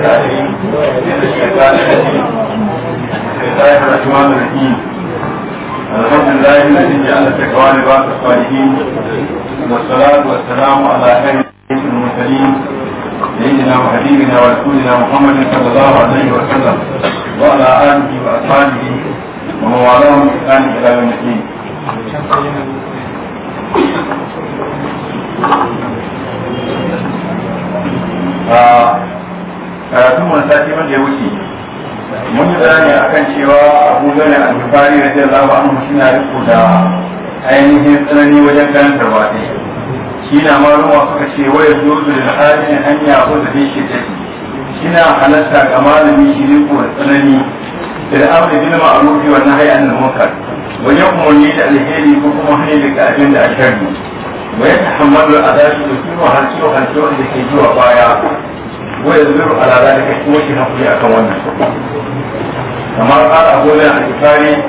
الحمد لله الذي جعل التقوى لباس الصالحين والصلاة والسلام على خير المرسلين سيدنا وحبيبنا ورسولنا محمد صلى الله عليه وسلم وعلى آله وأصحابه ومن والاهم بإحسان إلى يوم الدين. آه karatun mun sati wanda ya wuce mun yi bayani akan cewa abu zane al-bukhari an anhu shina riko da ainihin tsanani wajen karanta waɗe shi na maruwa suka ce waye zuzu da hajjin hanya ko da bin shi tafi na halatta ga malami shi riko da tsanani da al'amari bin ma'arufi wa nahi da muka wajen umarni da alheri ko kuma hanyar ka abin da a sharri wa ya tahammalu al'adashi da kuma hanciyo-hanciyo da ke zuwa baya ويزمر على ذلك وجه في أكوانا كما قال أبو ذر الكفاري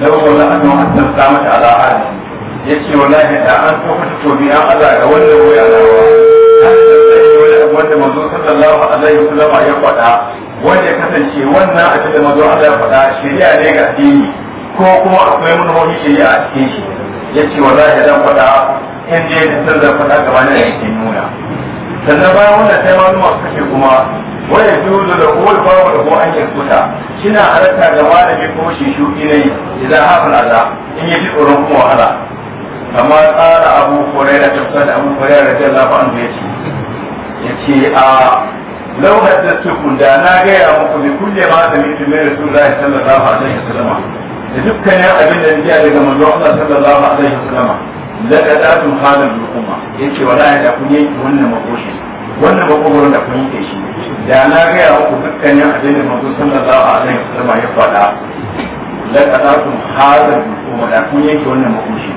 لولا أنه حتى استعمت على عاد يكي والله إذا أن تفتت بها على أولا ويا لوا wanda manzo sallallahu alaihi wasallam ya faɗa wanda kasance wannan abin da manzo Allah ya faɗa shari'a ne ga addini ko kuma akwai manhoji shari'a a cikin shi yace wallahi dan faɗa in dai da sallar faɗa gaba ne yake nuna sannan bayan wannan sai malu masu kashe kuma waya biyu da kowal bawa da ko an yi kuta shina halatta ga malami ko shi shuki ne idan hafin aza in yi ji tsoron kuma wahala amma tsara abu kore da tafsa da abu kore da jalla ya an ya ce a da haddathukum da na gaya muku bi kulle ma da da sami'tu min a zai alaihi wasallam da dukkanin abin da ya daga manzon Allah sallallahu alaihi wasallam laqadatu hadal hukuma yace wallahi da kun yanki wannan makoshi wannan makogoron da kun yanke shi da na ga ya ku dukkanin abin da sallallahu alaihi wasallam ya faɗa laqadatu hadal hukuma da kun yanke wannan makoshi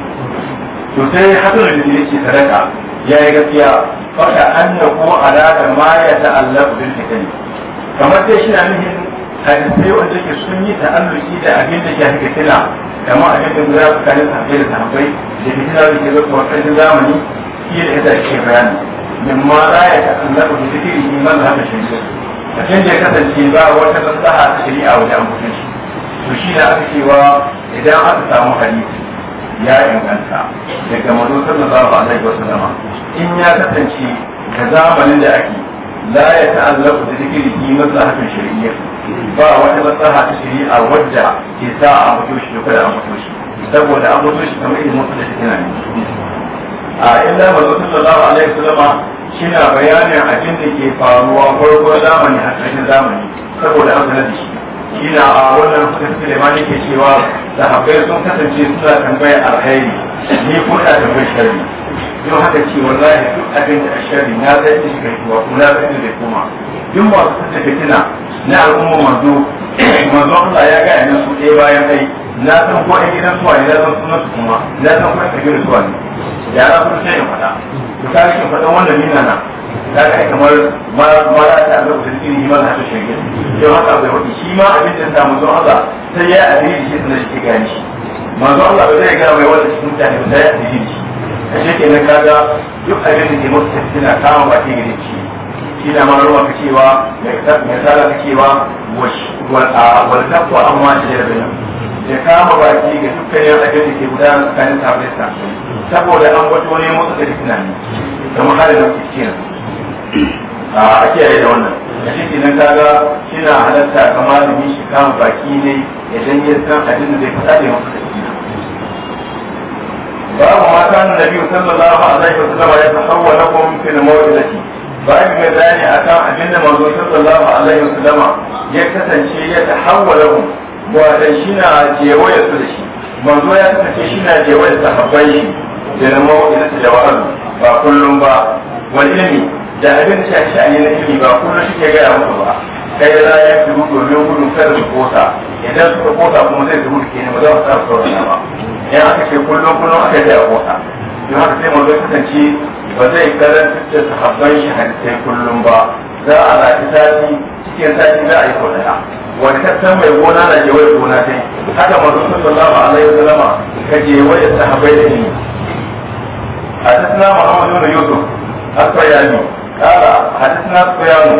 to sai hadal da yake sadaka yi gaskiya faka annahu ala ma ya ta'allaqu bil hikami kamar dai shi na nufin sai wanda ke sun yi ta'alluki da abin da shafi fitila kama a cikin guda tsakanin sahabbai da sahabbai da fitila da ke zuwa karshen zamani fiye da ita ke bayani min ma la ya ta'allaku bi zikri man da haka shirye a can da kasance ba wata maslaha ta shari'a wajen amfani shi to shi da aka cewa idan aka samu hadisi ya inganta daga mazo sallallahu wasu zama in ya kasance da zamanin da ake la ya ta'allaku bi zikri man da haka shirye ba wata matsala ta a wadda ke sa a mutu da ko da mutu shi saboda an mutu kamar irin mutu da shi tana ne a illa manzo sallallahu alaihi wasallam shina bayanin abin da ke faruwa farkon zamani a cikin zamani saboda an sanar da shi shina a wannan hutun Suleiman ke cewa sahabbai sun kasance suna tambayar alheri ni kuma ta tambayar sharri yau haka ce wallahi duk abin da ashari na zai ci shiga kuma kuma na zai da kuma duk masu ta fitina na al'umma manzo manzo Allah ya ga yana su ɗaya bayan kai na san ko ai gidan suwa ne na san sunan su kuma na san kuma ta suwa ne da ra kun sai in faɗa to ka shi faɗa wanda nina na da kai kamar mara ta ga ta tsiri ma na ta shirya. yau haka bai wuce shi ma abin da ta manzo Allah sai ya adiri shi sanar shi gani shi manzo Allah bai zai ga mai wanda shi mutane ba sai ya adiri shi a shi na kaga duk abin da ke musu tafiya kama bakin gidan ci shi na ma ruwa ka cewa mai tsara ka cewa waltakwa an wace da bayan da kama baki ga dukkanin abin da ke gudana tsakanin tabbata saboda an wato ne musu da fitina ne da mahalin da ke cikin a kiyaye da wannan a shi nan kaga shi na halatta kamar da shi kama baki ne ya janye san abin da zai fada da yawan kasance باب ما كان النبي صلى الله عليه وسلم يتحول لكم في الموئلة باب ما ذاني أكان أجل منذ صلى الله عليه وسلم يكتن شيء يتحول لهم وتنشينا جيوية سلشي منذ يكتن شينا جيوية تحبيه في الموئلة جوال فكل با والعلم da abin da shi a yi na ilimi ba kullum shi ke gaya musu ba kai da ya fi rubu domin gudun kada su kosa idan suka kosa kuma zai zuwa ke ne ba za su sa su ba yana aka ce kullum kullum aka da ya mota don haka sai mulki kasance ba zai karanta da sahabban shi hadisai kullum ba za a rafi sati cikin sati za a yi kodaya wani kasan mai gona na jewar gona sai haka mazun sun zala ba alayi zalama ka jewar ya sahabai da ni hadisina muhammadu da yusuf asfayani kala hadisina mu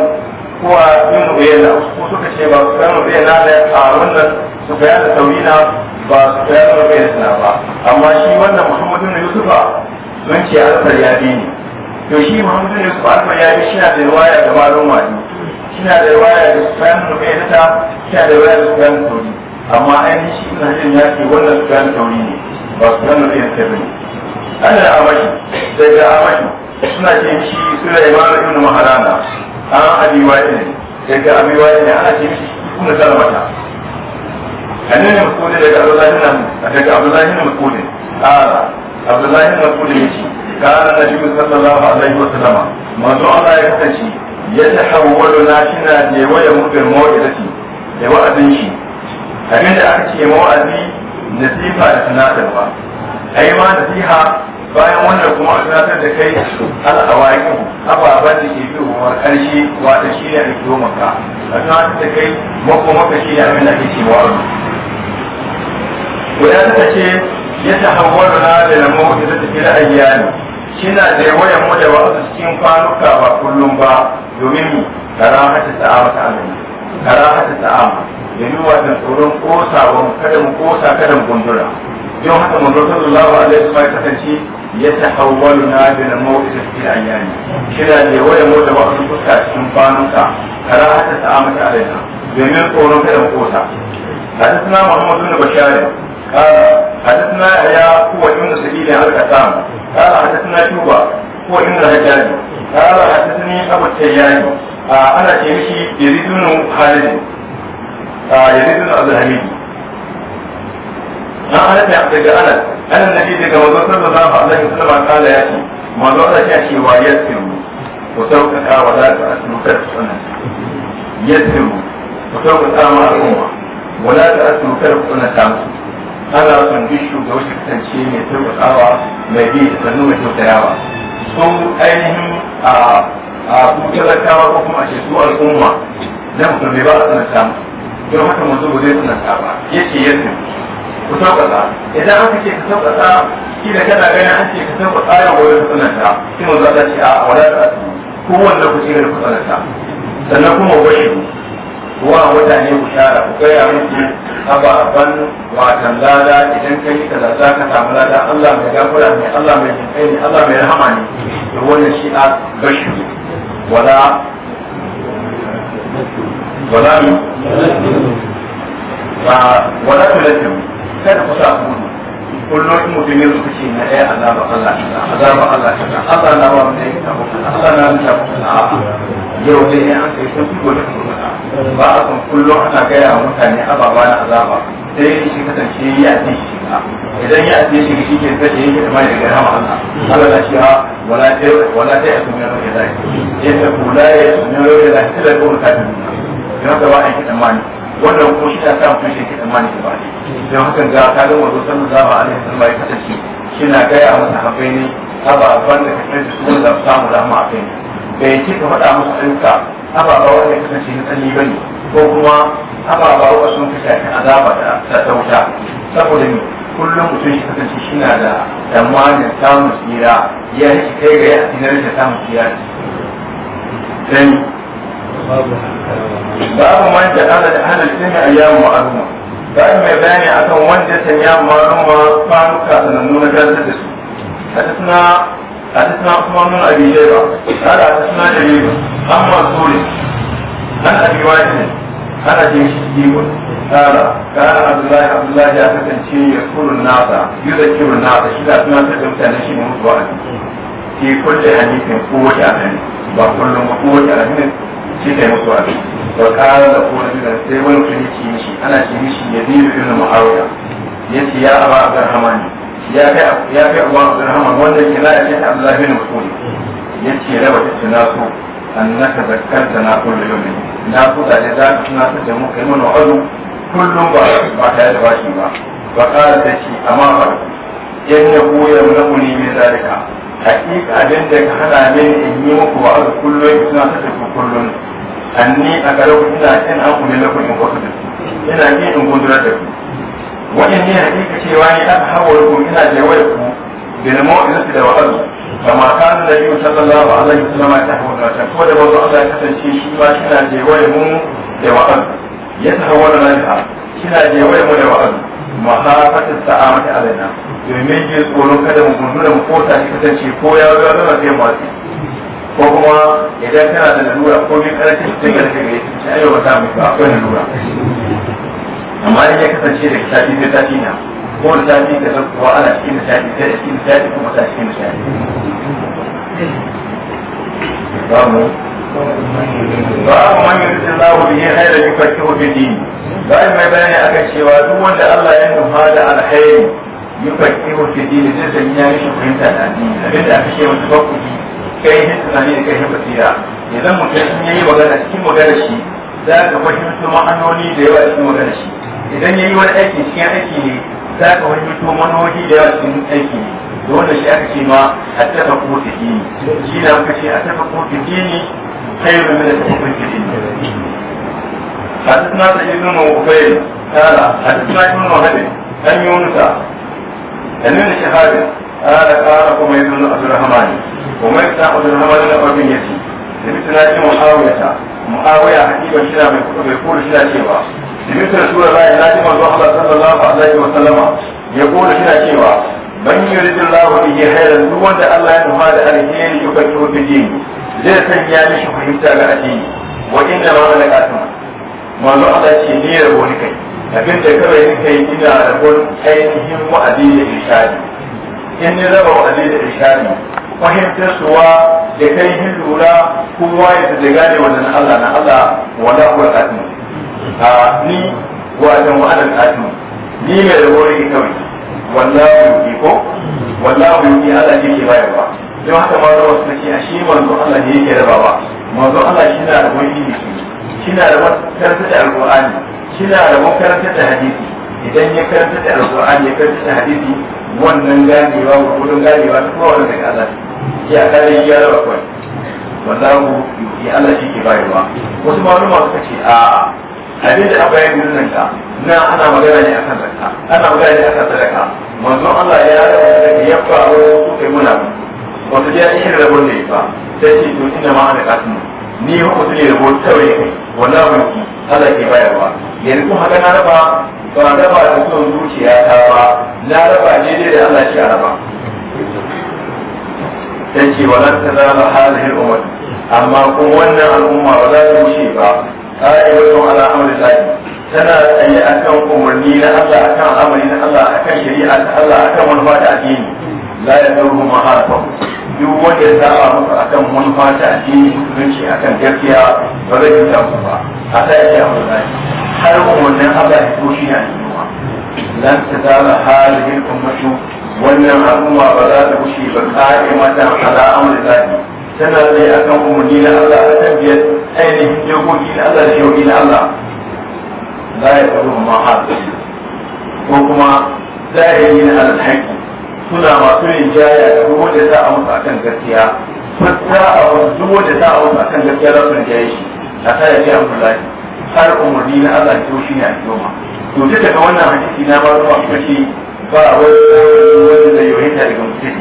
kuwa yin mu bayyana su suka ce ba su kan mu bayyana da ƙarun nan su bayyana sauyi na ba su ta yi da suna ba amma shi wannan muhammadu na yusufa sun ce alfar ya bi ne to shi muhammadu na yusuf alfar ya bi shina da ruwaya da malon wani shina da ruwaya da su kayan da bai ta shina da ruwaya da su kayan tauri amma ainihin shi ina jin ya ce wannan su kayan tauri ne ba su kan da bai ta bi ana amashi daga amashi suna ce shi suna imanu ibn maharana an abiwa ne daga abiwa ne ana ce shi kuma salmata عن ابن مسعود لك عبد الله بن لك عبد الله بن مسعود قال عبد الله بن مسعود قال النبي صلى الله عليه وسلم ما زال الله يكتشي يتحول ناشنا لوي مدبر موعدتي لوعدين شي abin da aka ce mawa'azi nasiha da tunatarwa ma nasiha bayan wannan kuma a tunatar da kai al'awaƙin ababen da ke biyu wa ƙarshe wata shi ne a kiyo maka a tunatar da kai mako shi ne abin da ake guda ta ce ya ta hawar na da lamu da ta kira ayyani shina da waya mu da su cikin kwanuka ba kullum ba domin mu karahata ta'ama ta annabi karahata ta'ama domin wajen tsoron kosawa kada mu kosa kada mu gundura don haka mu manzo sallallahu alaihi wasallam kasance ya tahawwalu na bin mawqif fi ayyami kira ne waya mu da su fuska cikin fanuka kara hata ta amsa alaina domin tsoron kada mu kosa hadisna Muhammadu bin Bashar قال حدثنا يا هو يونس سبيل على الكتام قال حدثنا شوبا هو يونس الرجال قال حدثني ابو التيان انا تيمشي يريدون خالد يريدون عبد الحميد na halatta ya daga anas ana na fi daga wanzu sun zama ba Allah ya sanar kala ya ce manzo da ya ce wa ya tsiru ko sau ka ka wa lati a kar sunan ya tsiru ko sau ka ka ma al'umma wa lati a ta ana son duk shugaba shi kasance mai turbaɗawa mai bi da sannu mai tausayawa su ainihin a kuke zartawa ko kuma a ce su al'umma na musulmi ba a sanar samu don haka manzo ba zai sanar ba ya ce yadda ku sauƙaƙa idan aka ce ka sauƙaƙa da kana ganin an ce ka sauƙaƙa yau wani ku ta shi manzo ta ce a wadatar kowanne ku ce ku ta sannan kuma wani wa mutane ku shara ku gaya musu ababen watan lada idan kai yi kaza za ka samu lada Allah mai gafara ne Allah mai jinkai ne Allah mai rahama ne da wannan shi a wala wala mu ba wala mu lafi kada ku kullum in mutum ya zuka ce na ɗaya azaba Allah azaba Allah Allah na ba mu da ya tabbata Allah na mu tabbata a'a yau ne ya an kai sun fi gobe su ba a san kullum ana gaya wa mutane ababa na azaba sai shi kasance ya ce shi ka idan ya ce shi shi ke zai yi ya mai daga rama Allah Allah na shi ha wala ta wala ta yasu ne rage zai yadda kula ya yasu ne rage zai sai da ta kafin don haka ba a yi tsammani wannan kuma shi ta samu tushe ke tsammani ba ne don haka ga ta ga wazo sallu zama alaihi sallama ya kasance shi na gaya masa haɓe ne ababen da kasance su da samu rama a kai bai ci ka faɗa musu ayyuka ababa wanda ya kasance na tsalli ne, ko kuma ababa wanda sun fi shafi azaba da ta wuta saboda ni kullum mutum shi kasance shi na da damuwa da samun tsira ya shi kai ga ya tinar da samun tsira ce babu man da ana da hana cikin ma'aruma ba a mai bayani akan wanda sanya ma'aruma kwanuka sanannu na gantar da su حدثنا حدثنا عثمان بن ابي شيبه قال حدثنا جرير عن منصور عن ابي وائل عن ابي شديد قال كان عبد الله عبد الله يا كتنشي يقول الناس يذكر الناس كذا سنة تدمت أن شيء مطلع في كل حديث قوة عليه وكل قوة عليه شيء مطلع وقال يقول إذا سيقول كل شيء أنا شيء يزيد ابن معاوية يتي يا أبا عبد الرحمن ya kai ya kai Abu Abdurrahman wanda ke na ce Abdullah bin Ya ce raba ta ce nasu annaka zakkarta na kullu yawmin na ku da za ka tuna ta da mu kai mana azu kullum ba ba ta tare da bashi ba ba kara da shi ma ba yanne ku ya mu ne min zalika hakika abin da ka hada min in yi muku wa azu kullum tuna ta da ku kullum ni a garin ina kin an kuma lokacin ku ina kin in gudurar da ku wannan ne hakika cewa ne aka hawa ku ina je jawo ku da na mawa'izatu da wa'azu kama kan da biyu sallallahu alaihi wasallam ta hawa da ta ko da bazo Allah ya kasance shi ma kina jawo mu da wa'azu ya ta tahawwala na biha kina jawo mu da wa'azu mahafatu sa'amati alaina domin ji tsoron kada mu gundu da mu kota shi kasance ko ya zo ya zama sai mu ko kuma idan kana da lura ko min karatu cikin da kake yi sai ayyuka ta mu ba akwai lura amma ya kasance da shafi sai sati na ko da sati ka san ana cikin da shafi da cikin da shafi kuma ta cikin da shafi babu babu man yin Allahu bihi khairan yufakkihu fi din bai mai bayani akan cewa duk wanda Allah ya nufa da alkhairi yufakkihu fi din zai sanya shi fahimta da addini abinda aka ce wata bakuki kai hin tunani da kai hin basira idan mutum ya yi magana cikin magana shi za ka fahimci ma'anoni da yawa cikin magana shi idan ya yi wani aiki cikin aiki ne za ka wani mutu manoji da yawa cikin aiki ne da wanda shi aka ce ma a tafa ko ta shi da aka ce a tafa ko ta kai yi rumi da tafa ko a duk na ta yi zama wakwai tara a duk na yi zama hadin an yi wani ta da nuna shahadin ala kara kuma yi zama abu rahamani kuma yi ta abu rahamani da ɓarfin ya da mutu na yi mu'awiyata mu'awiyata a kiba shira mai kuɗa mai kuɗa shira cewa سمعت رسول الله لا تمر الله صلى الله عليه وسلم يقول شنا كيوا من يريد الله به خيرا دون الله ينهى على الخير يفكر في الدين zai sanya mishi fahimta ga addini wajen da ba da kasan manzo Allah ce ni rabo ni kai abin da kawai ni kai ina rabon ainihin wa'adi da irshadi in ni raba wa'adi da irshadi fahimtar da kai hin kowa ya ta Allah na Allah ni wajen wa'adar ƙasin ni mai da wuri ita wani wallahu yuki ko wallahu yuki Allah ne ke bayarwa don haka ma da wasu take a shi manzo Allah ne yake rabawa manzo Allah shi na da wani ne shi Shina da karanta da alƙur'ani shi na da karanta da hadisi idan ya karanta da alƙur'ani ya karanta da hadisi wannan ganewa wurin ganewa ta kuma wannan daga Allah ya kare ya raba kawai wallahu yuki Allah shi ke bayarwa wasu malama suka ce a'a abin da abai gudun nan ka na ana magana ne akan zakka ana magana ne akan sadaka manzon Allah ya raba sadaka ya faru su kai muna wato ya yi irin rabon da ya fa sai ce to ina ma ana kasu ni ya hukunta ne rabon tawaye kai wannan mulki Allah ke bayarwa yanzu haka na raba ba raba da son zuciya ta ba na raba daidai da Allah shi a raba sai ce wa lan tazala hadhihi al-ummah amma kuma wannan al'umma ba za ta wuce ba qa'imatun ala amri lahi tana tsaye akan umarni na Allah a kan amri na Allah akan shari'a ta Allah a kan manufa ta addini la yadurru ma harafa duk wanda ya saba masa kan manufa ta addini musulunci kan gaskiya ba zai yi samu ba a ta yi amri lahi har umarnin Allah ya so shi na yiwuwa lan ta zala halin ummatu wannan al'umma ba za ta gushe ba qa'imatan ala amri lahi tana tsaye kan umarni na Allah a kan biyar ainihin jirgogi na Allah da shauki na Allah za ya faru ma haɗu ko kuma za ya yi na alhaƙi suna masu yin rinjaya da duk wanda za a musu kan gaskiya fata a duk wanda za a musu akan gaskiya za su rinjaye shi a sa ya ce Abdullahi har umarni na Allah da shi ne a kiyoma to duk daga wannan hadisi na ba ruwa kashi ba wani wanda zai yi daga mutum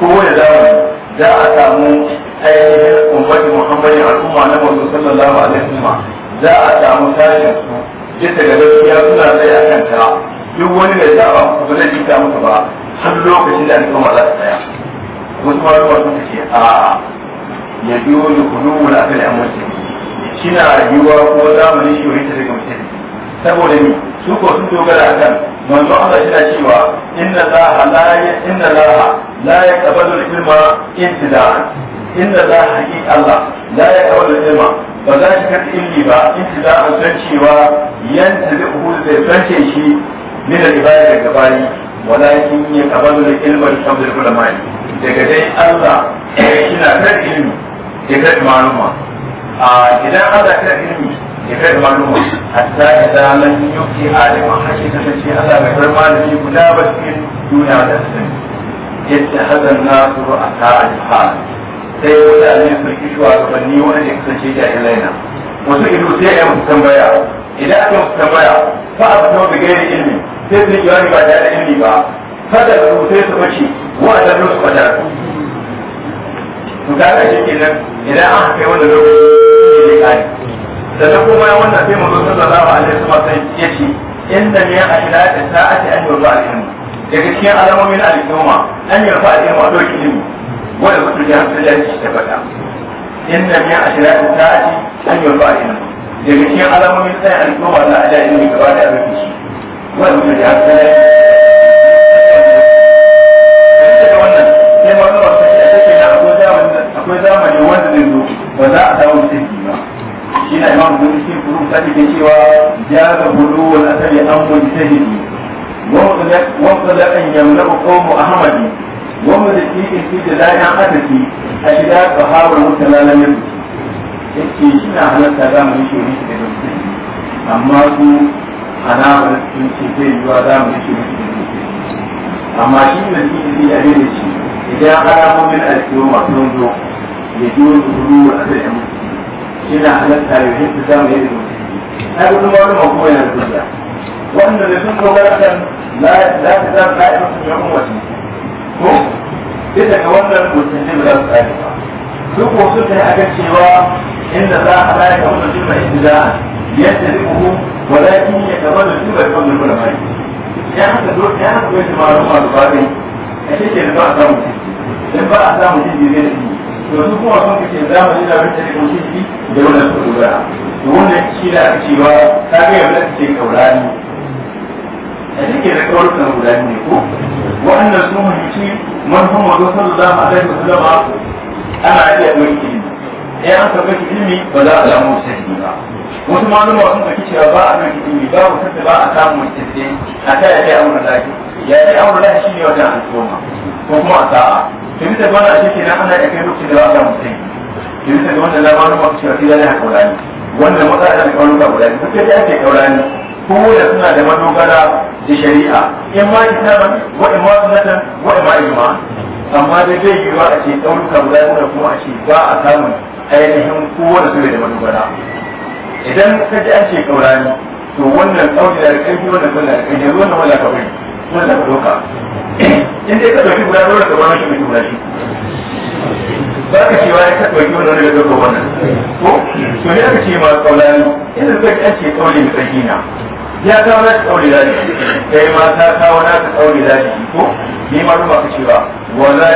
ko wani zamani za a samu ainihin ummati muhammadin al'umma na mazu sallallahu alaihi wasallam za a samu tashin su bisa ga gaskiya suna tsaye a kanta duk wani da saba ba zai jita musu ba har lokacin da al'umma za ta tsaya wasu maruwa sun ce a ya biyo da kudu wula fil amurci kina yiwuwa ko zamanin shi wani ta saboda ni su ko sun dogara kan manzo Allah yana cewa inna Allah la ya inna Allah la ya al-ilma intida inna Allah haqiqa Allah la ya al-ilma ba za shi karɓi ilmi ba an san cewa yanta da uhu da sanke shi min al-ibada daga gabani walakin ya qabalu ilma bi sabr al-ulama daga dai Allah yana karɓi ilmi da karɓi ma'luma idan Allah ka ilimi ya kai da maluma hatta idan Allah ya yi alima ta ce Allah bai bar malami guda ba cikin duniya da sun yadda hazan nasu a ta'al hal sai wata mutane sun ki wani wanda ya ce jahilai Laina. wasu ido sai ya musu tambaya idan aka musu tambaya fa a fito da gairi ilimi sai su yi ba da ilimi ba kada su sai su mace wa'adar su wadatu to ka ga nan idan an kai wannan lokaci shi ne kai sannan kuma wannan sai manzo sallallahu alaihi wasallam sai ya ce inda min ashirati sa'ati an yurfa al-ilm daga cikin alamomin al-ilma an yurfa al-ilma do ilimi wanda mutum ya hanzu da shi tabbata inda da ashirati sa'ati an yurfa al-ilm daga cikin alamomin sai al-ilma da ajali ne gaba da rubuci wanda mutum ya hanzu da shi akwai zamani wanda zai zo ba za a dawo da shi ba shi na imam zuwa shi kuru sani ke cewa ya ga bulu da asali an mun tahidi wa mutlaƙan yamlaku qawmu ahmadi wa mutlaƙin fi jalalan atati a shiga sahawar mutalalan yadu yake shi na halatta zamani shi ne da amma su hanabar sun ce zai yiwa zamani shi yi amma shi ne da shi ne da shi idan alamomin alkiyo masu zo يجوز الغلو والاذى للمسلمين شيء حالتها يحب دم غير المسلمين هذا الموضوع موضوع يا الدنيا وان الرسول صلى الله لا لا تزال دائما في عمومته هم يتكون المسلمين غير الآلهة duk wasu ta aka cewa inda za a la ya kama da jima ibtida yadda rikuhu walakin ya kama da jima ya kama da mai ya haka dole ya haka wani malu malu ba ne a cikin ba a samu ciki dan ba a samu ciki ne da ciki to su kuma sun kace zamani da abin da ke kunshi shi da wannan su to wannan shi da aka cewa ta ga yadda ce kaurani da take da kaurani ne ko wa'annan sun man manhum wa sallallahu alaihi wa sallam ana iya ɗauki ilimi in an karɓi ilimi ba za a samu sahihi ba wasu malama sun kace cewa ba a ɗauki ilimi ba mu tafi ba a samu sahihi a ta ya kai amurin ya kai amurin lahi shi ne wajen al'umma ko kuma a sa'a in da ba a shi kenan ana da kai lokacin da ba a mutum in da wanda labarin masu cewa kila ne a kaurani wanda maza da kaurin ka guda duk da ake kaurani ko da suna da madogara da shari'a in ma islaman wa in ma sunnatan wa in ma ijma amma dai bai yiwa a ce kaurin ka guda wanda kuma a ce ba a samun ainihin kowane su da madogara idan ka ji an ce kaurani to wannan kauri da kai wannan wannan kai wannan wannan kawai wannan doka in dai ka guda ka shi guda shi ba ka cewa ya ka wani ko to ne aka ce ma inda ka an ce mai na ya kawo na da shi kai ma ta kawo na ka da shi ko ni ma ruwa ka cewa kuma da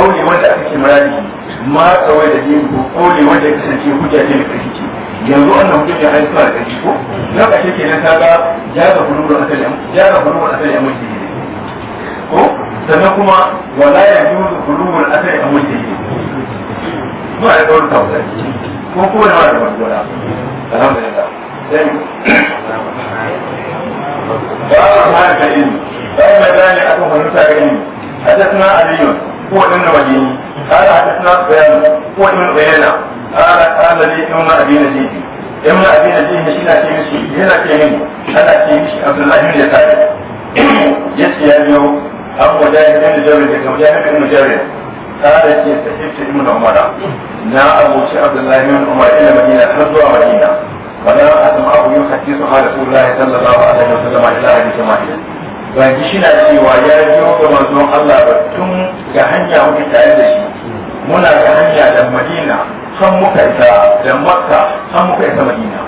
wanda aka ce maradi ma da shi ko wanda ya kasance hujja ce mai yanzu wannan mutum ai suna da ko na kashe kenan ta ga jaga hulurun asali jaga hulurun asali a mulki ne ko sannan kuma wala ya yuzu hulurun asali a mulki ne ba da kawai kawai ko kuma na da wani gona alhamdulillah sai ba kuma ka ilmi ba ma dani akan hulurta ga ilmi حدثنا علي هو ابن مديني قال حدثنا سفيان هو ابن عيينة قال قال لي ابن ابي نجيب ابن ابي نجيب شينا كيمشي هنا كيمين انا كيمشي عبد الله بن يسار يسي يا بيو ابو مجاهد بن جابر بن مجاهد بن جابر قال يسي استحبت ابن عمر نا ابو شي عبد الله بن عمر الى مدينه حزوا مدينه ولا اسمعه يحدثها رسول الله صلى الله عليه وسلم الى هذه الجماعه ba shina cewa ya jiyo ga manzon Allah ba tun ga hanya muka tare da shi muna ga hanya da Madina san muka isa da Makka san muka isa Madina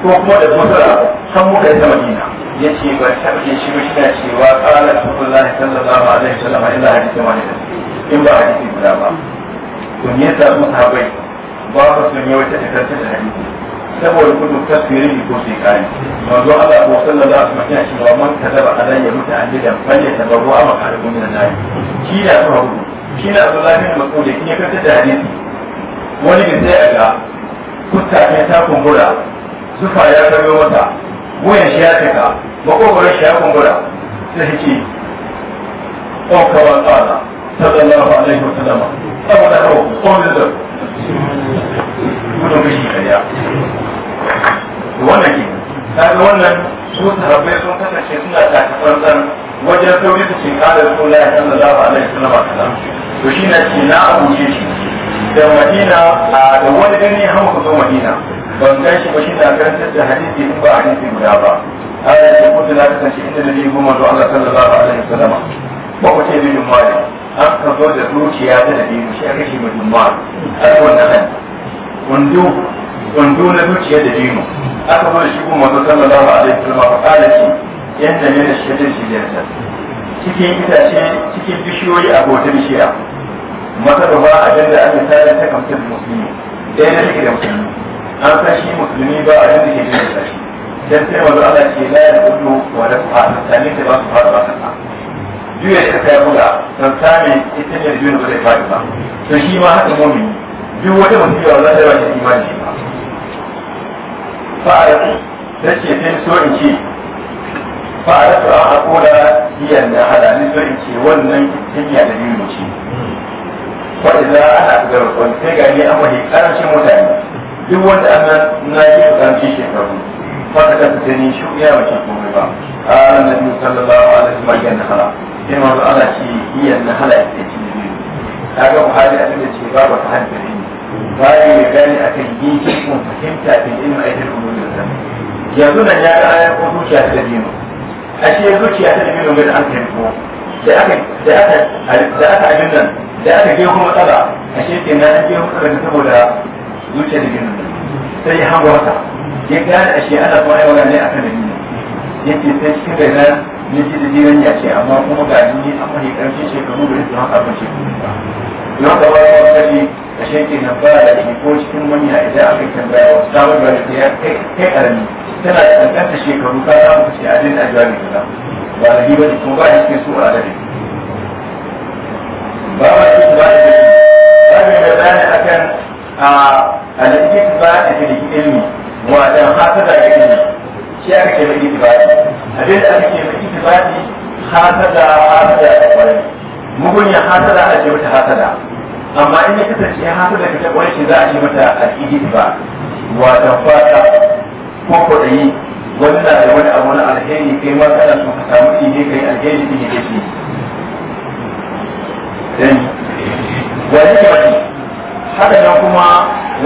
ko kuma da Masara san muka isa Madina yace ce ba shi shi ba shi na cewa qala sallallahu sallallahu alaihi wasallam illa hadisi wani in ba hadisi guda ba to ne yasa sahabbai ba su sun yi wata tafsir da hadisi saboda kudu tasiri ne ko sai kari manzo Allah ko sallallahu alaihi wasallam shi wa man ya mutu an da falle tabaru amma kalbu min nan shi da ko shi da Abdullah bin Mas'ud kin ya karanta hadisi wani da sai aga kutta ta ta kumbura zufa ya kawo mata wayan shi ya taka makogoro shi ya kumbura sai yake ko kawan Allah sallallahu alaihi wasallam saboda ko ko da mutum kashi kariya wannan ke kaga wannan su sahabbai sun kasance suna takafarsan wajen saurin su shiga da su la ya sallallahu alaihi wasallam kaza to shi na ce na abuce shi da madina a da wani gani har ku zo madina ban gan shi ba shi na karantar da hadisi in ba hadisi guda ba har da kuma na kasance inda da ni goma zo Allah sallallahu alaihi wasallam ba ku ce bin mali an ka zo da zuciya da dalili shi aka shi bin mali a wannan hadisi wando wando na zuciya da dino aka zo da shi kuma wato sallallahu alaihi wasallam fa kala shi yanda ne da shaitan shi yansa cikin itace cikin bishiyoyi a hoton bishiya. mata da ba a janda ake tare ta kamtar musulmi ɗaya na shi da musulmi an san shi musulmi ba a janda ke jin da shi dan sai wanzu ala ce la ya kudu wa da a sami ta ba su fara ba kasa juya da ta buga san sami ita ne da juya ba zai fara ba to shi ma haka mumini duk wata musiba za ta yi wa shi imani ba fa'arati ta ce sai so in ce fa'arati a haƙola biyan da hada ni so in ce wannan kimiyya da biyu ce wa'iza ana ga rukun sai ga ni an mahi ƙarancin mutane duk wanda an na ji a ƙarancin shekaru fata ka fita ni shi ya mace komai ba a ranar biyu sallallahu alaihi wa sallam na hala sai mazu ana ce biyan hala ce biyu ta ga buhari a ce babu ta bayan ya gani a kan ginshikin fahimta ta ilimin aikin umurin sa yanzu nan ya ga ayar ko zuciya ta dabino ashe zuciya ta dabino mai da an kai ko da aka da aka da aka abin nan da aka je kuma tsara ashe ke na an je kuma tsara saboda zuciya da dabino sai ya hango haka ya gane ashe ana kuma aiwara ne akan dabino yake sai cikin bai ya ce da jiran ya ce amma kuma ga ni a mafi ƙarfi shekaru da rikin haka mace yau da wani wani a shekin nan ba da ke ko cikin manya idan aka tambaya wasu sabon da ta ya kai ƙarami tana da ƙanƙanta shekaru ka samu ka ce a jin a jami kaza ba da ba ne kuma ba a cikin su a dare ba ma ce ba da jini ba da da bayani akan a da ike ba da ilimi wa dan hasa da ilimi shi aka ce mai ibadi abin da aka ce mai ibadi hasada hasada da kwarai mugun ya hasada a ce mata hasada amma in ya kasance hasada ka ta kwarai shi za a ce mata al'idi ba wata fata ko kwaɗayi wani na da wani abu na alheri kai ma kana so ka samu ilimi kai alheri ɗin ya ce dan wani kimani haka nan kuma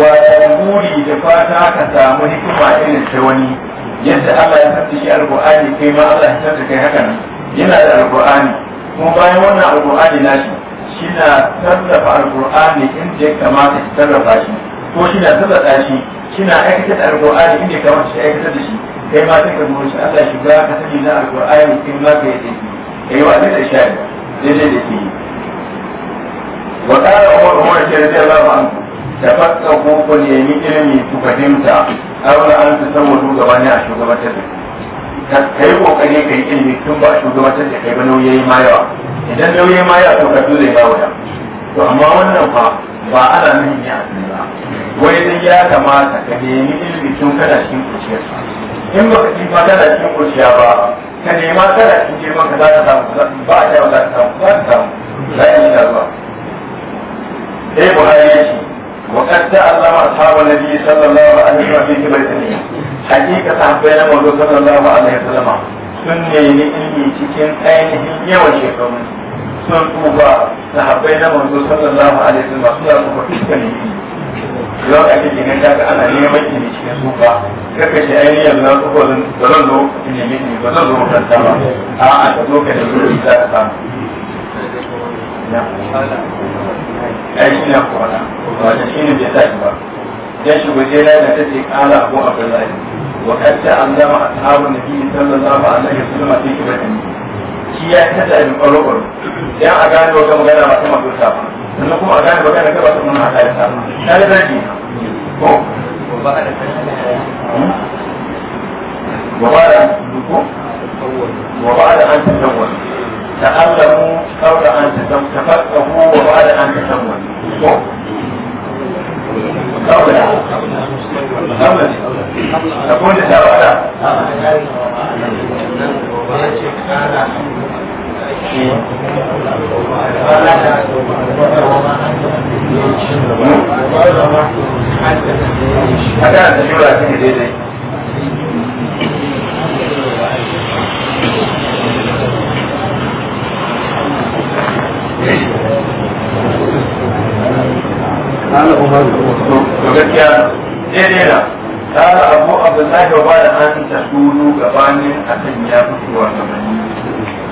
wata buri da fata ka samu hikima irin ta wani yadda Allah ya sassa shi alƙur'ani kai ma Allah ya sassa kai haka yana da alƙur'ani kuma bayan wannan alƙur'ani nashi shi na sarrafa alƙur'ani inda ya kamata ki sarrafa shi ko shi na sarrafa shi shi na aikata da alƙur'ani inda ya kamata shi aikata da shi kai ma sai ka zo shi Allah ba ka sani na alƙur'ani kai ma ka yi kai wa da shari'a daidai da ke yi wa ƙara umar umar shi radiyallahu anhu da fakka ko ku nemi ilimi ku fahimta aure an ta saboda gabani a shugabantar da ka kai kokari kai ilimi tun ba shugabantar da kai ba nauyi ma yawa idan nauyi ma yawa to ka dole ba wuya to amma wannan fa ba ana nan ya ba wai dan ya kamata ka nemi ilimi tun kana cikin kuciyar in ba ka tifa kana cikin kuciya ba ka nema kana cikin girman ka za ka samu ba a ta ba za ka samu za ka samu za ka yi ruwa sai eh, buhari ya ce وقد تألم أصحاب النبي صلى الله عليه وسلم في بيته حقيقة صحابينا موضوع صلى الله عليه وسلم sun nemi ilmi cikin ainihin yawan shekaru sun tuba na manzo sallallahu alaihi wasallam kuma ana neman ilmi cikin kaka shi ainihin na tuba zan zo ba zan zo ba a a ka zo ka samu ai shi na kuma ta shi bai sa ba dan shi guje na da take kala abu abdullahi wa qad ta'allama ashabun nabi sallallahu alaihi wasallam fi kibatin shi ya tada da kwaro dan a gane wata magana ba ta magana ba sannan kuma a gane magana ta ba ta magana ta ta ta da zaki ko ba da وبعد أن تتزوج تعلموا قبل أن تفقهوا وبعد أن تسموا قبل قبل تقول لا ولا هذا الشورى كده قال عمر وقال جديرا قال أبو عبد الله وبعد أن تكونوا وثمانين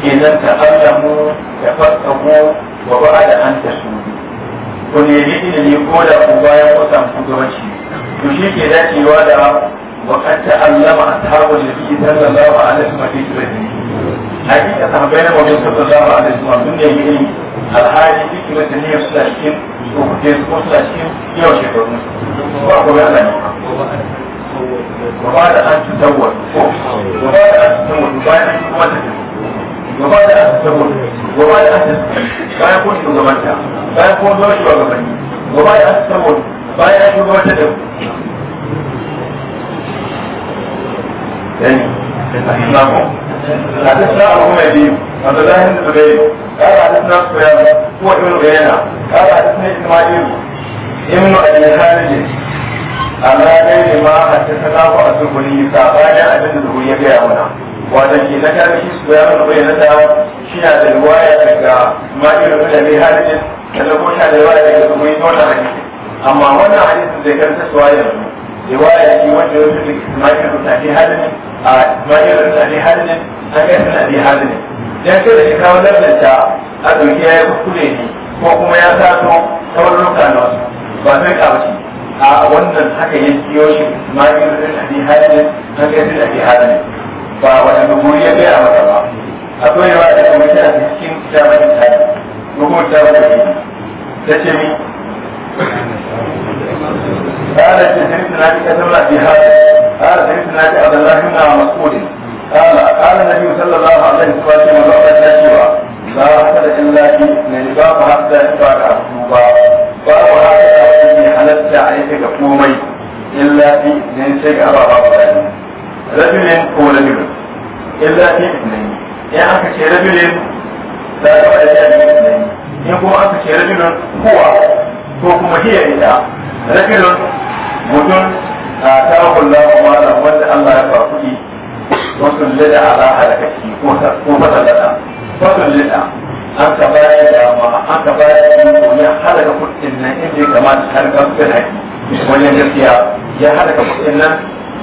إذا وبعد أن تكونوا kun yi ne ko da ku bayan watan shugabanci to shi ke dacewa da wakanta allama na wajen yi alhaji ne suna cikin yanzu kuma suna ne da ko da da da ko ko da حدثنا أبو نبيل عبد الله بن زبير قال حدثنا سفيان هو ابن عيينة قال حدثنا إسماعيل ابن أبي خالد غير ما حدثنا أبن الهوية wannan riwaya ce wanda ya rubuta Ismail ibn Abi Halim a Ismail ibn Abi Halim sai ibn Abi Halim da kada shi kawo ta a dauki yayi kuskure ne ko kuma ya sato tawarruka na wasu ba sai ka a wannan haka ya ciyo shi Ismail ibn Abi Halim sai ibn Abi Halim ba wanda guri ya gaya mata ba akwai riwaya da kuma tana cikin kitabun Bugu ta wata ta ce mi قال سمعت نادي أسمع بهذا قال سمعت نادي عبد الله بن مسعود قال قال النبي صلى الله عليه وسلم بعد الشيوع لا حسد إلا في اثنين باب حتى يفعل عبدوبا باب حتى يفعل حلت عليك كفومي إلا في اثنين شيء أبا رجل هو رجل إلا في اثنين يعني أنك رجل لا يفعل اثنين in kuma aka ce rajulun kowa ko kuma hiya ita rajulun mutum a ah, tawakul la da wanda Allah ya ba kuɗi wasu lida ala halakaki ko ta ko lada wasu lida an ka bayar da ma an ka bayar da ko ya halaka kuɗin nan inda ya kamata halaka kuɗin haƙi wajen gaskiya ya halaka kuɗin nan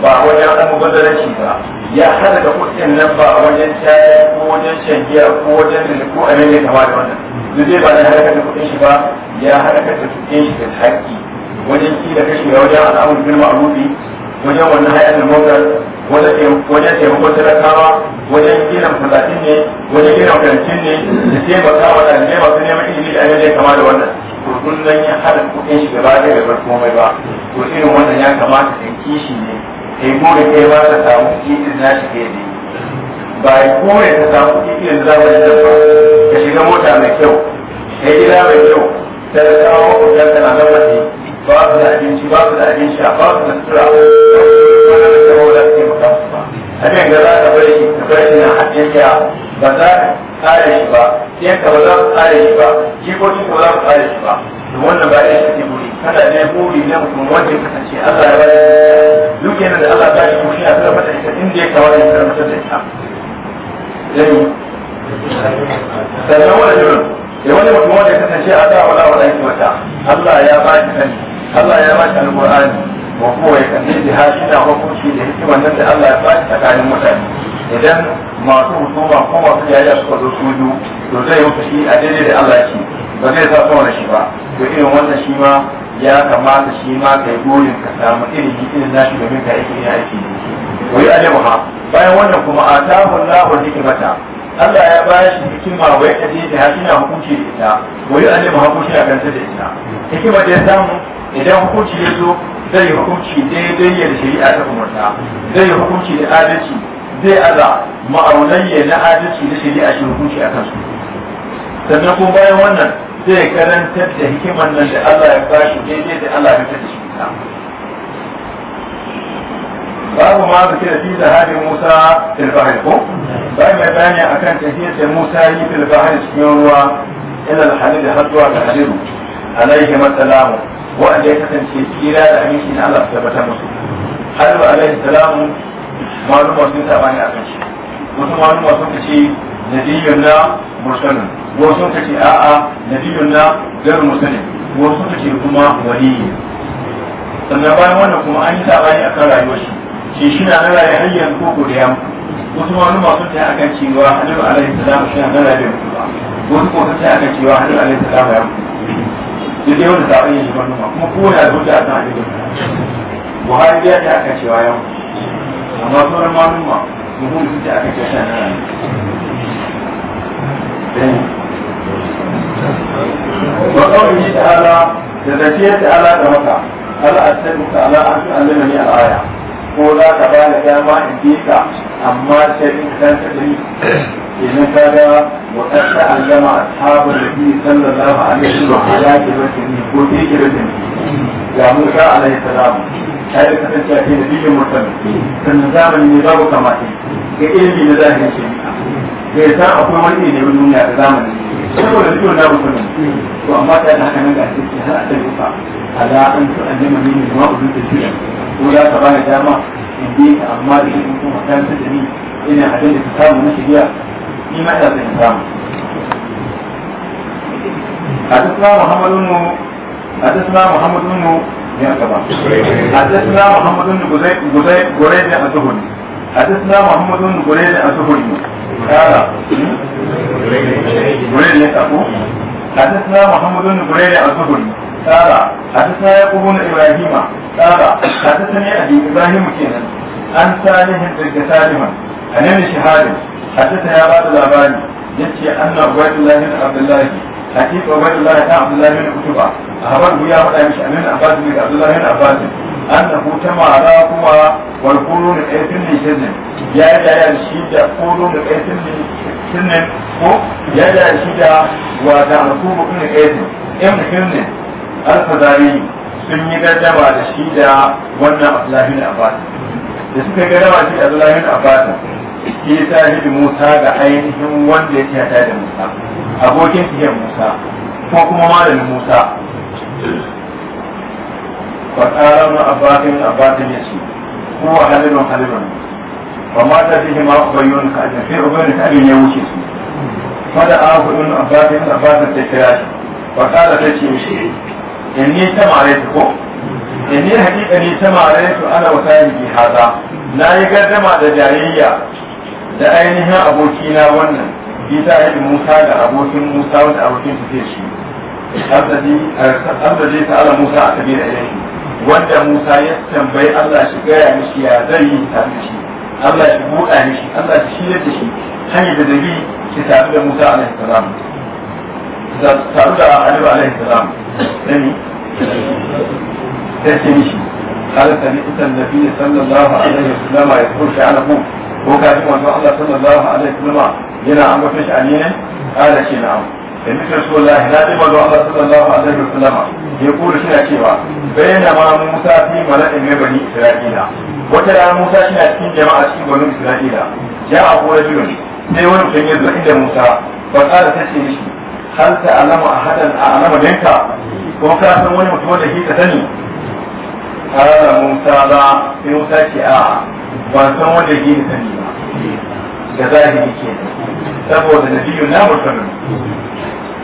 ba wajen almubazzaranci ba ya halaka kuɗin nan ba wajen caya ko wajen shan giya ko wajen ko abin da ya kamata wannan duk dai ba na halaka da kuɗin shi ba ya halaka da kuɗin shi da haƙi wajen ci da ya wajen al'amun bin rufi wajen wannan da motar wajen taimakon talakawa wajen gina masallatin ne wajen gina makarantun ne da taimaka wa ɗalibai masu neman ilimi a yadda kama da wannan kurkun sun nan ya hada kuɗin shi gaba da bai bar komai ba to irin wannan ya kamata ka kishi ne kai gore kai ba ka samu kiɗin na shi kai ne ba yi kore ka samu kiɗin da za ka yi ba ka shiga mota mai kyau kai gida mai kyau talakawa ko na zama ne ba su da abinci ba su da abin sha ba su da tura wanda da kuma wanda suke maka su ba a abin da za ka bari ka bari shi na hajjin ya ba za ka kare shi ba yan ka ba za ka kare shi ba jikokin ka ba za ka kare shi ba da wannan ba ya shi buri kada ne buri na mutum wanda ya kasance Allah ya bari duk yana da Allah ba shi buri a kan mata ita inda ya kawo ya kan mata da ita. Sannan wani jirin ya wani mutum wanda ya kasance a ta wala wala yake wata Allah ya ba shi sani Allah ya ba shi alqur'ani wa huwa ya kanne da hashida wa kuci da hikimar nan da Allah ya ba shi tsakanin mutane idan masu hukuma ko masu jayayya suka zo su biyu to zai yi fushi a daidai da Allah ce ba zai sa sama da shi ba to irin wannan shi ma ya kamata shi ma ka yi burin ka samu irin irin nashi domin ka aiki ne aiki ne. Wai bayan wannan kuma a tamun la'ul hikimata Allah ya ba shi hikima wai ta je ta ina hukunci da ita wai an nema hukunci a kansa da ita hikima da ya samu idan hukunci ya zo zai hukunci daidai da shari'a ta umarta zai hukunci da adalci zai aza ma'aunayya na adalci da shari'a shi hukunci a kansu sannan kuma bayan wannan zai karantar da hikimar nan da Allah ya ba shi daidai da Allah ya fitar da shi babu ma da kira fi Musa ko mai bayani akan tafiyar da Musa yi fil cikin ruwa har zuwa ga alaihi matsalamu wanda ya kasance kira da aminci na Allah musu alaihi salamu shi wasu ce nabiyun na wasu ce a'a nabiyun na gar wasu ce kuma sannan bayan wannan kuma an yi saba akan rayuwar shi shi shi na nan raye hanyar ko godiya wasu wani masu ta akan cewa hajjar alaihi salamu shi na nan raye ba wasu ko ta akan cewa hajjar alaihi salamu ya mutu duk dai wanda zaɓen yin wani ma kuma kowane da zuciya a san abin da buhari ya ta akan cewa ya mutu amma sauran malumma mutum sun ta akan cewa shi na nan raye wa kawai ta'ala da zafiya ala da maka ala asabuka ala an tu'allimani al-aya ko za ka ba da dama in bi ka amma sai in san ta dai kenan ka ga wa ta ta'allama ashabul nabi sallallahu alaihi wa alihi wa sallam ko dai irin ya Musa alaihi salam kai da kasance a cikin nabi mutum sannan zamani ne babu kamata ga ilimi na zahirin shari'a bai san akwai wani ne wani duniya da zamani saboda duk wanda ba kullum to amma ta da haka nan ga cikin har a da rufa ala an tu'allima min ma'udud da ko ya ka bani dama in bi ka amma da shi kuma ta ta da ni ina hadin da ta samu na shirya ni ma ina son samu حدثنا محمد بن حدثنا محمد بن حدثنا محمد بن بريد الزهري حدثنا محمد بن بريد الزهري قال بريد يتقو حدثنا محمد بن بريد الزهري kaga hadisa ibrahima kaga kenan an salihin daga salihan a ne ne shahadin hadisa ya ba da labari ya ce an alfazari sun yi gaddawa da shi da wannan abdullahi na abbas da suka gaddawa shi da abdullahi na abbas shi ya tashi da musa ga ainihin wanda ya tiyata da musa abokin shi musa ko kuma malamin musa fa qala ma abbasin ya yasi ko halilun halilun fa ma ta fihi ma ubayyun ka da fi ubayyun ka abin ya wuce su fa da abbasin abbasin ta kira shi ba qala ta ce shi In ni sama alaitu ko In ni hakika ni sama alaitu ana wa sahibi haza na yi gardama da jayayya da ainihin abokina wannan isa ya musa da abokin musa wanda abokin su sai shi abda zai ta'ala musa a tabi da ilai wanda musa ya tambayi allah shi gaya mishi ya zai yi tafi da shi allah shi buɗa mishi allah shi shirya da shi hanyar da zabi ki tafi da musa alaihi salam da taru da annabi alaihi salam dani sai ce mishi قال سمعت النبي صلى ya عليه وسلم يقول شعره ko ka ji manzo Allah sallallahu alaihi wasallam yana an bata sha'ani ne ala shi na'am in ka so la ila ji manzo Allah sallallahu alaihi wasallam ya kula shi na cewa na ma Musa fi mala'in mai bani Isra'ila wata rana Musa shi na cikin jama'a cikin bani Isra'ila ja'a ko rajulun sai wani mutum ya zo inda Musa ba fa qala sai shi hal ta alama hadan a alama minka ko ka san wani mutum da shi ka sani kala musa ba sai musa ce a ban san wanda shi ni sani ba da zahiri ke saboda na biyu na mutum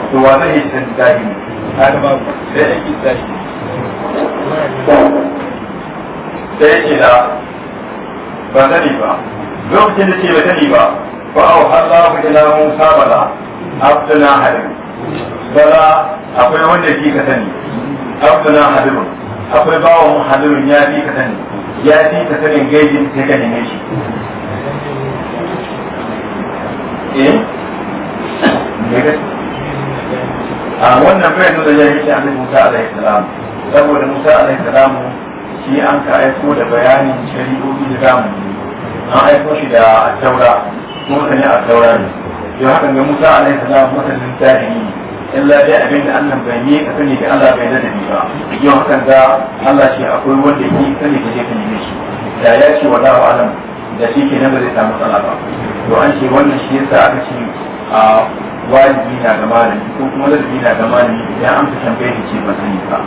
to wa zai yi sani zahiri har ba sai ake zahiri sai ke da ba sani ba lokacin da ke ba sani ba فأوحى الله إلى موسى بلا عبدنا حلم بلا أقول وجه كي كتني عبدنا حلم أقول باو حلم يا كي كتني يا كي كتني جيد تكني ماشي إيه؟ a wannan bai nuna ya yi annabi Musa alaihi salam saboda Musa alaihi salam shi an ka aiko da bayanin shari'o'i da zamani an aiko shi da taura mutane a saura ne yau hakan ga musa alaihi salam mutanen tarihi illa dai abin da Allah bai yi ka sani da Allah bai nada ba yau hakan ga Allah shi akwai wanda sani da shi shi da ya ce alam da shi ke nan ba zai samu matsala ba to an ce wannan shi yasa aka ce a wajibi na ga malami ko kuma ladabi na ga malami idan an fi tambaye ce ba sani ba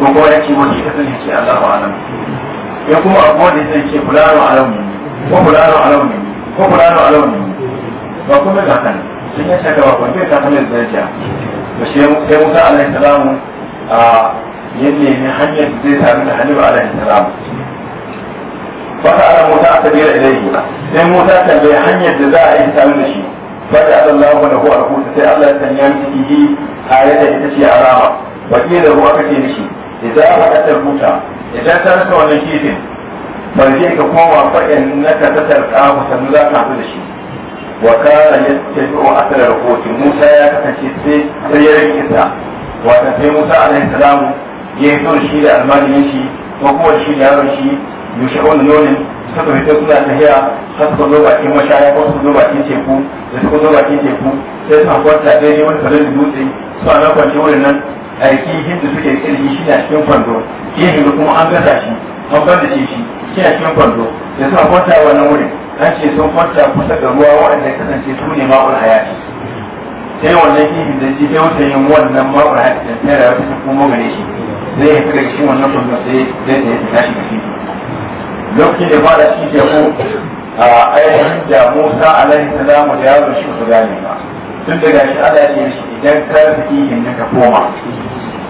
ko kuma ya ce wani ya sani ce Allah alam ya kuma abuwa da ya ce kula alam ne ko kula alam ne ko kula da alamu ba kuma da kan sun yi shaka ba kwanke ta hanyar zuciya ba shi sai musa alaihi salamu a yadda ne hanyar da zai sami da hannu alaihi salamu fata ala musa a yi ba sai musa tambaye hanyar da za a yi sami da shi fata ala allahu wa lahu alhuta sai allah ya sanya miki yi a yadda ita ce alama wakilin ruwa kake da shi idan aka tarbuta idan ta rasa wannan kifin marje ka na ta innaka tatarqahu sannu za ka da shi wa kana yattabi'u athar al-hoti Musa ya kasance sai sai ya rike sa wata sai Musa alaihi salam ya yi son shi da almajirin shi ko kuma shi da yaron shi yushe wani nonin suka fito suna tafiya har suka zo bakin mashaya ko suka zo bakin teku da suka zo bakin teku sai suka kwanta daidai wani kare da dutse su ana kwanci wurin nan aiki hindu suke kirki shi na cikin kwando kihin kuma an gasa shi an banda shi shi a cikin kwando da suka kwanta a wannan wurin kan ce sun kwanta kusa ga ruwa waɗanda kasance su ne ma'ul hayati sai wannan kifi da ji sai wata yin wannan ma'ul hayati da sai rayuwa ta kuma gare shi zai yi daga shi wannan kwando sai zai da ya fita shi da kifi lokacin da fara shi ke ko a ainihin da musa alaihi salamu da yaro shi ku gane ba tun daga shi ala ce shi idan ka saki in ka koma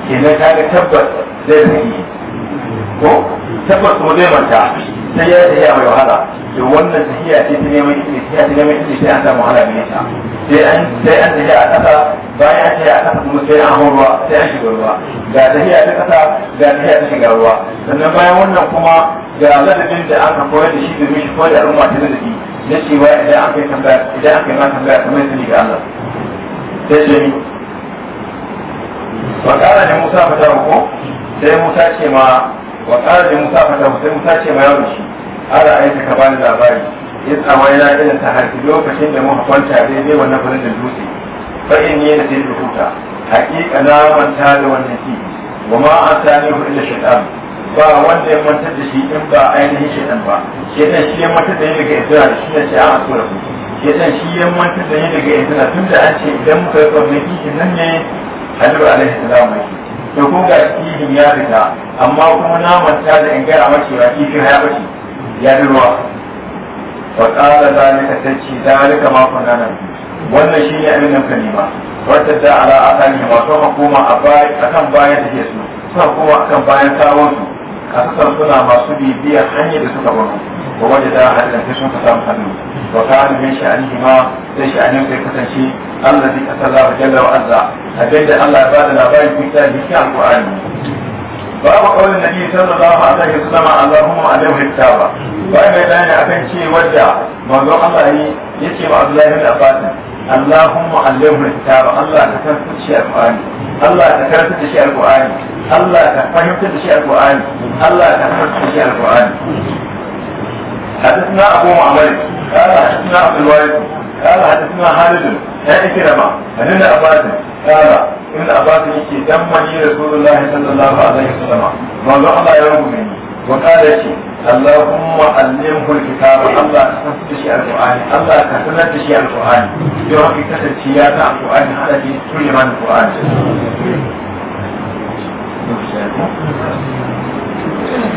kenan ka ga tabbas zai saki ko tabbas kuma zai manta sai ya tafiya mai wahala to wannan tafiya ce ta neman ilimi tafiya ta neman ilimi sai an samu wahala ne ta sai an sai an tafiya a kasa bayan an tafiya a kasa kuma sai an hau ruwa sai an shiga ruwa ga tafiya ta kasa ga tafiya ta shiga ruwa sannan bayan wannan kuma ga ladabin da aka koyar da shi domin shi koyar da al'umma ta ladabi na cewa idan aka yi tambaya idan aka yi ma tambaya kamar yadda ga Allah sai ce ni wa ƙara ne Musa fata ko sai Musa ce ma wa qala li musa fa sai musa ce ma yaro shi ara aika ka bani labari ya tsawa irin ta harfi lokacin da muka kwanta daidai wannan farin da dutse fa in yi da sai rubuta na manta da wannan ki wa ma an ba wanda ya mantar da shi in ba ainihin shaytan ba shaytan shi ya mantar da ni daga isra da shi na ce a asura shaytan shi ya mantar da daga tun da an ce idan muka yi kwamnaki nan ne halibar alaihi salam mai da ko ga ya fita amma kuma na manta da in gara mace ba kifin ya bace ya bi ruwa wa qala zalika tacci zalika ma kunna nan wannan shine abin nan kalima wata da ala asali ma to hukuma a akan bayan da su suna kuma akan bayan tawon su kasar suna masu bibiya hanyar da suka baro ووجد أهلا فيشن فسام حلو وكان من شأنهما ليش أن يمكن كتنشي الذي أتى الله جل وعلا أبيد الله بعد لا بايد مثال في القرآن باب قول النبي صلى الله عليه وسلم اللهم عليه الكتاب وأما الآن أكن شيء وجع موضوع الله يتي عبد الله بن عباس اللهم علمه الكتاب الله تكرت شيء القرآن الله تكرت شيء القرآن الله تفهمت شيء القرآن الله تفهمت شيء القرآن حدثنا أبو معمر قال حدثنا عبد الوارث قال حدثنا خالد عن إكرمة عن ابن عباس قال ابن عباس يشي دمني رسول الله صلى الله عليه وسلم وقال الله يومني وقال يشي اللهم علمه الكتاب الله كسنت شيء القرآن الله كسنت شيء القرآن يوم كسنت شيء القرآن على في كل من القرآن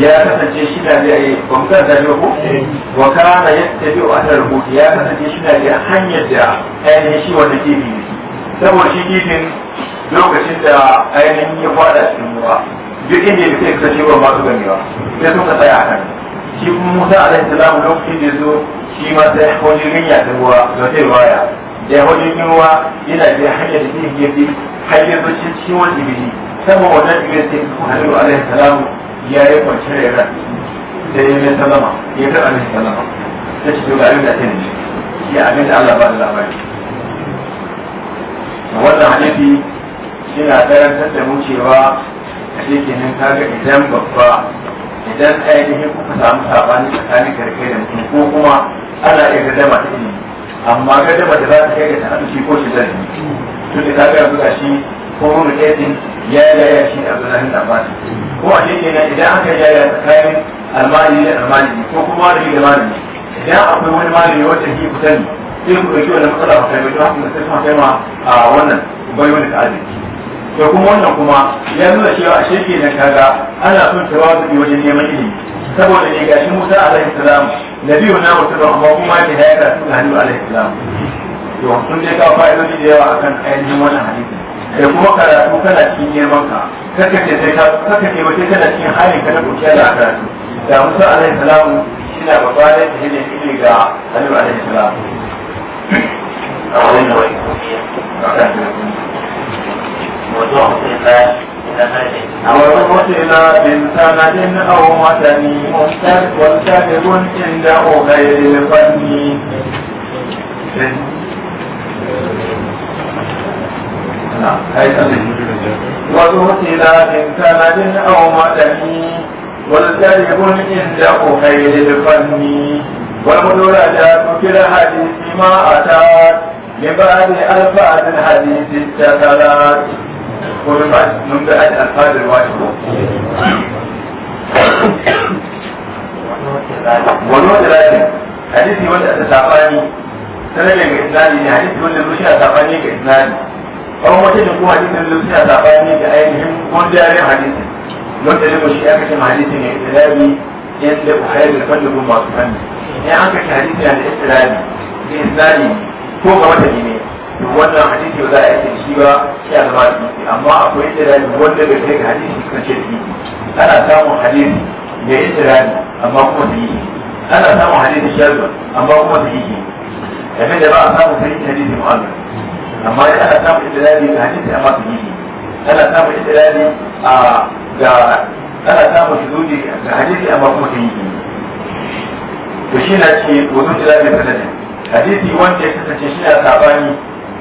ya kasance shi ya da kwamfutar da ko wa kana ya tafi wa ta rubutu ya kasance shi da ya hanyar da ainihin shi wanda ke bi saboda shi gidin lokacin da ainihin ya fada cikin ruwa duk inda ya fi kasance ruwan masu ganewa ya sun ka tsaya a kan shi kuma musa zai tsalamu lokacin da ya zo shi ma sai hauji ganya ta ruwa da ta ruwaya da ya hajjin ruwa yana da hanyar da ke biyu har ya shi wani ibili saboda wannan ibili sai kuma hajjin alaihi salamu ya yi kwanciyar ya ran sai ya yi salama ya fi mai salama ta ce to ga abin da ta ne shi abin da Allah ba da labari wannan hadisi yana karantar da mu cewa a ta kaga idan babba idan ainihin kuka samu sabani tsakanin karkai da mutum ko kuma ana iya gadama ta ilimi amma gadama da za ta kai ga ta ko shi zai tun da ta gaya ga shi ko mun ɗaya ya yi ya shi Abdullahi da Abbas ko a ce kenan idan aka yi ya tsakanin almani da almani ko kuma malami da malami idan akwai wani malami wacce ke kusan sai ku ɗauki wannan matsala ku kai mai don haka sai sun kai ma a wannan bai wani ta'azziki da kuma wannan kuma ya nuna cewa a shirki na kaga ana son su tawazu wajen neman ilimi saboda ne gashi Musa alaihi salam nabiyu na mutum amma kuma ke da ya karatu da hannu alaihi salam to sun dai ka fa'idoji da yawa akan ainihin wannan hadisi da kuma karatu kana cikin neman ka kaka ce sai ka kaka ce wace kana cikin hali kana na da karatu da musa alaihi salamu shina baba da ke da ilmi ga halilu alaihi salamu a wani da قتل أو غير وقتل إن كان أو مدني والكذب عند أخير الفن والمدرجات في الحديث ما أتات من بعد ألفاظ الحديث التكلات ومن بعد ألفاظ الواجب والمدرجات حديثي وجه التسعفاني سنة الإسلامي حديثي وجه التسعفاني كإسلامي an wata da kuma hadisin da suna zaɓani da ainihin gundarin hadisin don da limo shi aka ce hadisin ya itilami yadda buhari da kan dubu masu fanni in aka ce hadisin da itilami da islami ko ga wata ne to wannan hadisi ba za a yi shi ba shi a zama da amma akwai itilami wanda bai kai ga hadisi ka ce da ana samun hadisi mai itilami amma kuma da yi ana samun hadisi shazwa amma kuma da yi game da ba a samun sai hadisi mu'amala amma ya ana samun itilali ga hadisi amma su yi ana samun itilali a ga ana samun shuzuji ga hadisi amma kuma su yi to shi na ce wazun itilali sanadin hadisi wanda ya kasance shi na sabani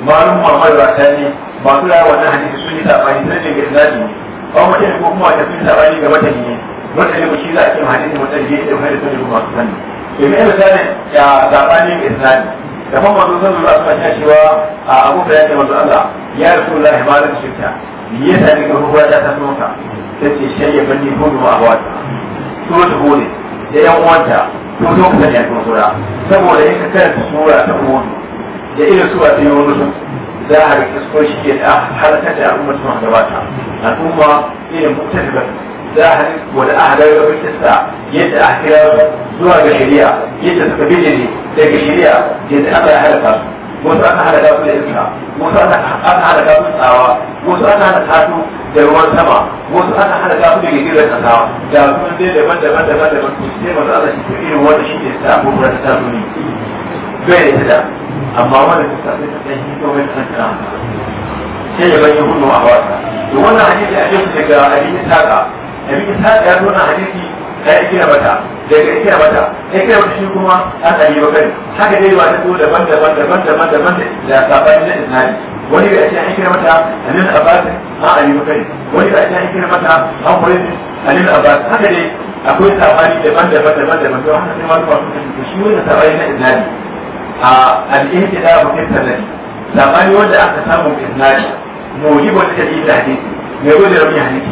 malum mamar rata ne masu rawa wannan hadisi sun yi sabani sanadin ga itilali ne ba mutane ko kuma wata sun yi sabani ga mutane ne mutane shi za a ce hadisi mutane ya ce wani da sun yi kuma su sani domin misalin ya sabani ga itilali da kuma manzo sallallahu alaihi wasallam ya cewa a Abu Bakar ya manzo Allah ya Rasulullah ba da shirka ni ya ta ne daga ruwa ta ta nota tace shi ya bani hudu ma awata to ta gode da yan uwanta ko zo ku sani a cikin sura saboda in ka karanta sura ta hudu da irin sura ta yi Yunus za a ga kiskoshi ke da halakar da al'ummar sun gabata al'umma irin mutane da hadis wanda aka dawo da bikinsa yadda aka kira zuwa ga shari'a yadda suka bijiri daga shari'a yadda aka halaka su wasu aka halaka su da iska wasu aka halaka su tsawa wasu aka halaka su da ruwan sama wasu aka halaka su da girgizar kasa da sun dai daban daban daban daban su sai masu ala shi irin wanda shi ne sa kuma ta sa bai da ita amma wanda ta sa ta ɗan hito mai kanta sai ya bayyana hudu a wasa da wannan hadisi a yau daga hadisi saka abi ishaq ya zo na hadisi da yake na mata da yake na mata yake na shi kuma an abi bakari haka dai ba ta zo daban daban daban daban daban da sabani na isnadi wani ga shi an kira mata anil abbas a Ali abi bakari wani ga shi an kira mata an a anil abbas haka dai akwai sabani daban daban daban daban to haka sai ma ba shi wannan sabani na isnadi a al-ihtida bi sanadi sabani wanda aka samu isnadi mujibul hadisi hadisi mai gode rabbi hadisi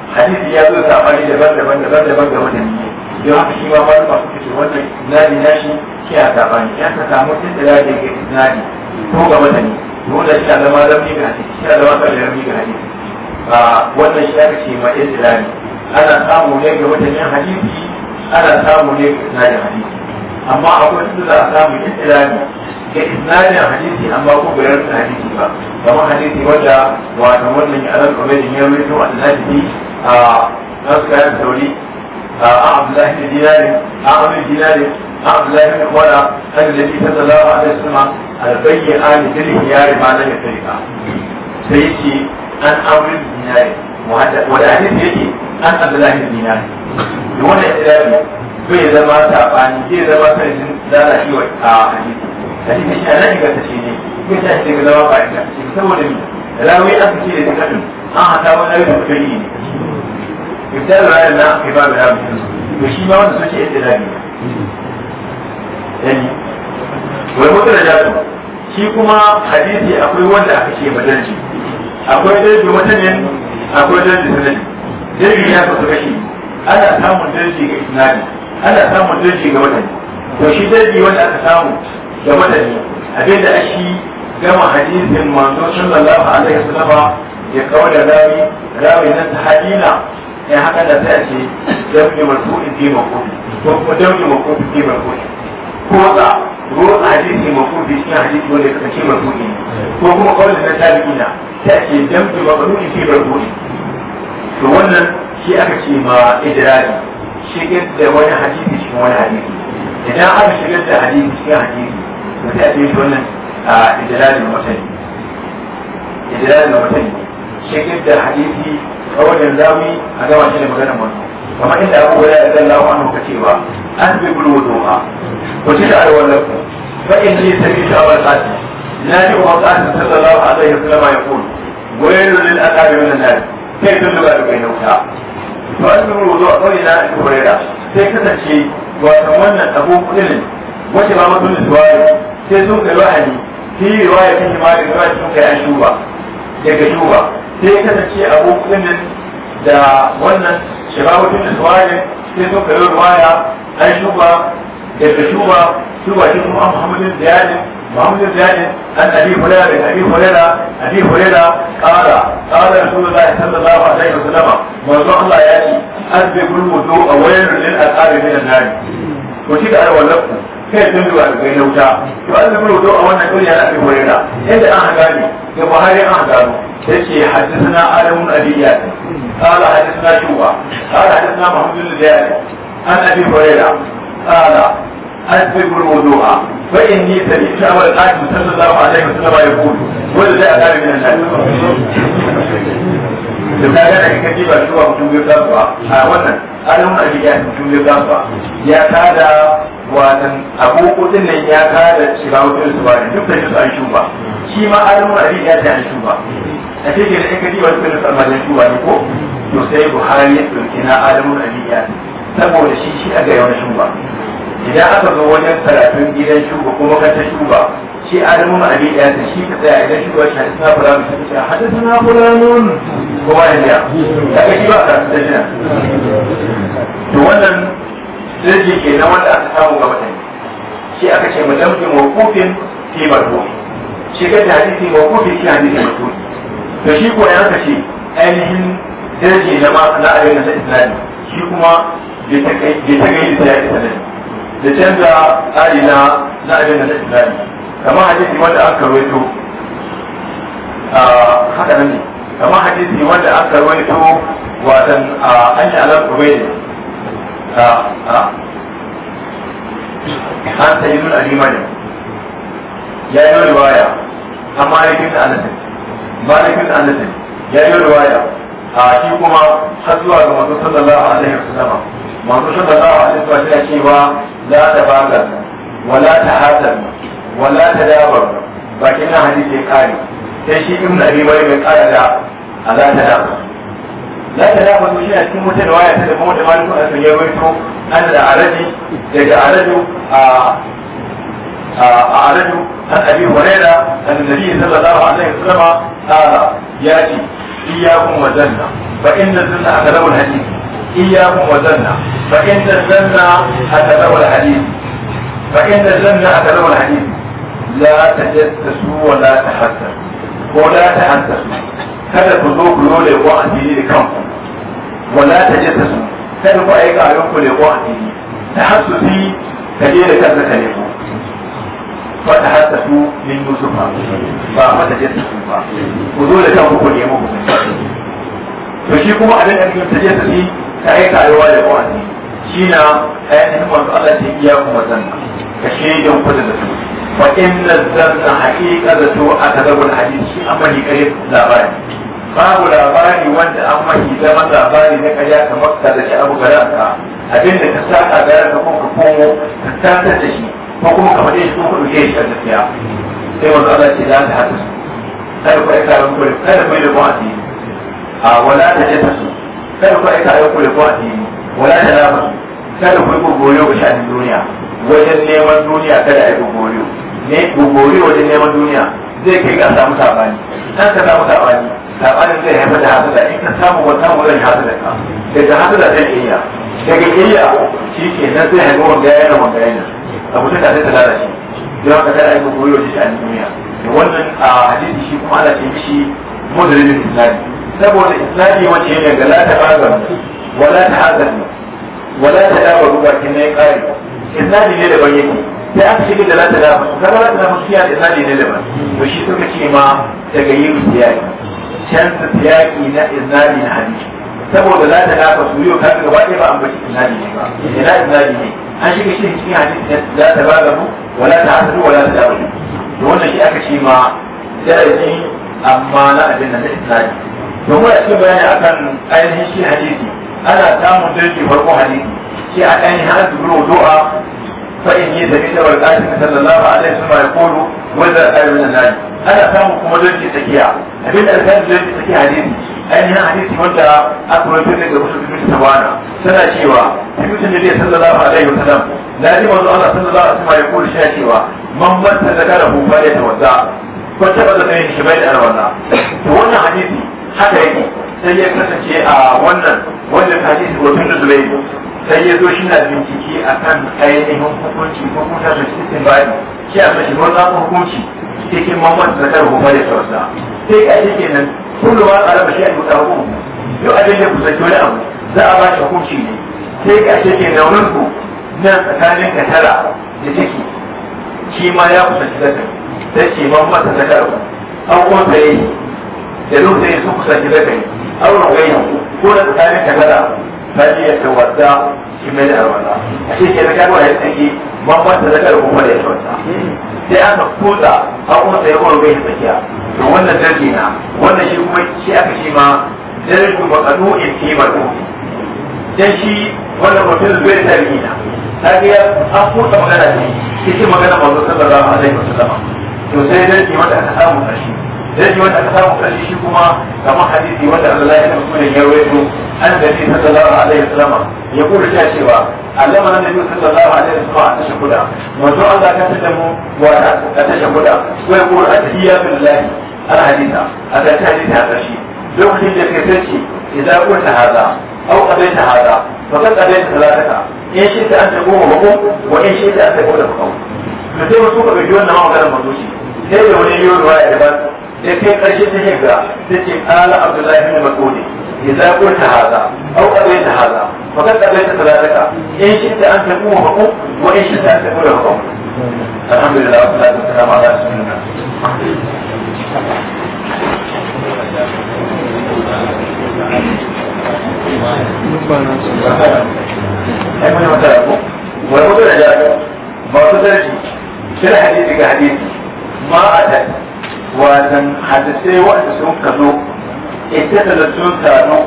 hadisi ya zo sabani daban daban daban daban game da shi don haka shi ma wani masu kace wannan isnadi na shi ke a sabani ya ka samu tsira da ke isnadi ko game da ni ko da shi a zama zamni ga hadisi shi a zama kan da ga hadisi a wannan shi aka ce ma isnadi ana samu ne ga mutanen hadisi ana samu ne ga isnadin hadisi amma akwai su za a samu istilafi ga isnadin hadisi amma ko bayar da hadisi ba kamar hadisi wanda wata wannan alal kamar ya rubuta wa annabi a naskar dauri a abdullahi da dinari a amir dinari a abdullahi bin kwada an da shi sallallahu alaihi wasallam albayyin ani dilin yari ma na musulika sai ce an amir dinari wanda hadisi yake an abdullahi bin dinari da wannan istilafi ko ya zama saɓani zai zama sarjin lalaci wa a hadisi hadisi shi ana shiga ta ce ne ko ta ce ga zama fa'ida ce saboda mi rawi aka ce da kadin an hata wani rawi da kuka yi ne ibdal ra'ayin na aka ba da rawi to shi ma wanda suke yadda rawi yani wai mutu da jato shi kuma hadisi akwai wanda aka ce madanci akwai dalbi mutanen akwai dalbi sanadi dalbi ya kasu kashi ana samun dalbi ga isnadi ana samun dirji ga mutane to shi dirji wanda aka samu ga mutane abinda a shi gama hadisin manzo sallallahu alaihi wasallam ya kawo da rawi rawi na sahabina ya haka da sai a ce dabbi marfu'i fi makufi ko kuma dabbi makufi fi makufi ko da ruwan hadisi makufi shi hadisi wanda ya kasance marfu'i ko kuma kawai da na tabi'ina sai a ce dabbi marfu'i fi marfu'i to wannan shi aka ce ma idrari shigar da wani hadisi cikin wani hadisi idan aka shigar da hadisi cikin hadisi to sai a ce shi wannan a idalalin mutane idalalin mutane shigar da hadisi a wajen zamu a gama shi da maganar mutum kamar inda abu ya yarda Allah wa anhu cewa an bi bulu wudu'a ko ci da alwallaku fa in li sami'tu awal qasim la yu'ma qasim sallallahu alaihi wasallam yaqul wailu lil aqabi min an-nar kai dun da ga nauta wani mai wuzo a ɗauri na ake kurera sai kasance wasan wannan abu ilin wace ba mutum da suwayo sai sun kai wahani fi riwaya kan himari da wani sun kai an shuba daga shuba sai kasance abu ilin da wannan shiga mutum da suwayo sai sun kai riwaya an shuba daga shuba shuba shi kuma muhammadin ziyarin محمد بن زياد عن ابي هريره ابي هريره ابي هريره قال قال رسول الله صلى الله عليه وسلم موضوع الله ياتي اسبق الوضوء ويل للاذهاب من النار وشيك انا ولكم kai sun zuwa da kai nauta to an zama rubutu a wannan duniya na abin hurera yadda an gane da buhari an gano yake hadisna adamun aliyya qala hadisna shuba qala hadisna muhammadu ziyad an abi أسبغ الوضوء فإني سمعت أبا القاسم صلى الله عليه وسلم يقول da ta ga a wannan alamun a jiya mutum biyu kasuwa ya da su an shuba shi ma alamun da kaji da tsammanin shuba ko to sai na alamun a jiya saboda shi shi a ga yawan shuba idan aka zo wajen karatun gidan shuba kuma ka ta shuba shi adamu a bi ya ta shi ka tsaya idan shuba shi hadisa fura mu shi ta hadisa na fulanun kuma ya biya shi ba ka da shi to wannan sirri ke na wanda aka samu ga mutane shi aka ce mu mutamkin mawkufin fi marfu'i shi ka ta hadisi mawkufin shi hadisi marfu'i to shi ko ya yanka ce ainihin sirri na ma'ana abin da ta islami shi kuma bai ta kai da ta yi sanadi da canza tsari na na abin da na kamar hadisi wanda an karwaito haka nan ne kamar hadisi wanda an karwaito watan an yi alam kubai an sayi nun alimani ya yi riwaya an malikin da anasin malikin da anasin ya yi riwaya a shi kuma har zuwa ga masu sallallahu alaihi wasallama masu sallallahu alaihi wa sallam cewa la tabagal wala tahasad wala dabar bakin nan hadisi ya kare sai shi ibn abi bari mai kare da ala tadabar la tadabar shi a cikin wata riwaya ta da kuma da maliku a sanya wato an da arabi daga arabi a أعلن عن أبي هريرة أن النبي صلى الله عليه وسلم قال يأتي إياكم وزنة فإن الزنة أغلب الحديث إياكم وزنا فإن تزنا أتلو الحديث فإن تزنا أتلو الحديث لا تجسسوا ولا تحسسوا ولا تحسسوا kada ku zo ku yole ko asiri da kanku wala ta je ta su kada ku aika a ku leko asiri ta si ka je da ka leko fa ta su min yusufa ba mata je ta sun ba ku zo da kanku ku nemo ku to shi kuma abin da mutum ta ya tafi ka yi karewa da wa'azi shi na ainihin wanda Allah ta iya kuma zanna ka shaidan kudin da su fa inna zanna haƙiƙa da to a kazabul hadisi shi an mahi kare labari babu labari wanda amma shi zaman labari na karya kamar ka da shi abu gara ka abin da ka sa a gara ka kuma ka komo ka tantar da shi ko kuma kamar yadda su kudu ke shi a gaskiya sai wanda Allah ce za ta haɗa su kada ku ya kawo kuɗi kada ku yi da wa'azi Aa wala ta ce tasu kada ku aika ayyuku da ku a fili wala ta lafa kada ku yi gogoriyo ga sha'anin duniya wajen neman duniya kada a yi gogoriyo ne gogoriyo wajen neman duniya zai kai ga samu sabani kan ka samu sabani sabanin zai haifar da hasada in ka samu wata wurin hasada ka daga hasada zai iya daga iya shi ta ta lalace a yi duniya wannan a hadisi shi kuma ana ce mishi mudarrin misali saboda islami wace ya ga la ta bazan wala ta hazan wala ta daba ruwa kin ne kai islami ne da ban yake sai aka shiga da la ta daba kaga la ta daba shi da islami ne da ban to shi suka ce ma daga yin siyaki can siyaki na islami na hadisi saboda la ta daba su yau kaga gaba ɗaya ba an bace islami ne ba ina islami ne an shiga shi cikin hadisi la ta bazan wala ta hazan wala ta daba to wannan shi aka ce ma da amma na abin da na islami don wa yake bayani akan ainihin shi hadisi ana samun dirki farko hadisi shi a kan hana dubro du'a fa in yi zabi da barkati sallallahu alaihi wasallam ya kulu wanda ka yi nan ana samun kuma dirki takiya abin da kan dirki takiya hadisi ainihin hadisi wanda a turanci ne ga wasu dubu sabana sana cewa tabbatun da sallallahu alaihi wasallam nabi manzo Allah sallallahu alaihi wasallam ya kulu shi cewa man batta da garabu fa ya tawadda ko ta bada ne shi bai da wannan to wannan hadisi haka yake sai ya kasance a wannan wanda hadisi wajen da zubai sai ya zo shi na bincike a kan ainihin hukunci ko kuma tashin cikin bayan shi a sashi ko zaɓin hukunci cikin mamman da kar hukumar da sauransa sai a shi kenan kullum a ƙara ba shi a yi wuta hukumu yau abin da kusanci wani abu za a ba shi hukunci ne sai a shi ke naunin ku na tsakanin katara da ciki shi ma ya kusanci zakar sai ce mamman da zakar an kuma yi. da duk lokacin sun kusanci da kai auren wayan ko da tsakanin ka gada sai ya tawadda shi mai da arwana a shi ke da kawo ya tsaki mamman da zakar kuma da ya tawadda sai aka kuta a kuma sai kuma bai tsakiya to wannan dargi na wannan shi kuma shi aka shi ma dargi makanu in kimar dan shi wannan mutum bai da dargi na kaga an kuta magana ne cikin magana manzo sallallahu alaihi wasallam to sai dargi wanda aka samu kashi zai wanda aka samu kalli shi kuma kamar hadisi wanda Allah ya tabbata ne ya rawaito an da shi sallallahu alaihi wasallam ya kula ta cewa Allah nan nabi sallallahu alaihi wasallam an tashi kuda wato Allah ka tada mu wa ka tashi kuda ko ya kula kura tahiyya billahi al hadisa aka ta hadisi a shi. lokacin da kai tace idan ku ta hada au qadaita hada fa kad qadaita salataka in shi ta an tabu ko wa in shi ta an tabu da hukum to sai mutum ka bi wannan maganar mazuci sai da wani yiwuwa ya ba لكن أشياء تجيبها تجيب آل عبد الله بن مكودي إذا قلت هذا أو أبيت هذا فقد أبيت كذلك إن شئت أن تكون حكم وإن شئت أن تكون حكم الحمد لله رب العالمين والسلام على رسول الله ولو تلعبوا ما تدرجي في الحديث كحديث ما أدري watan hadisai wanda sun ka zo ita da sun sanu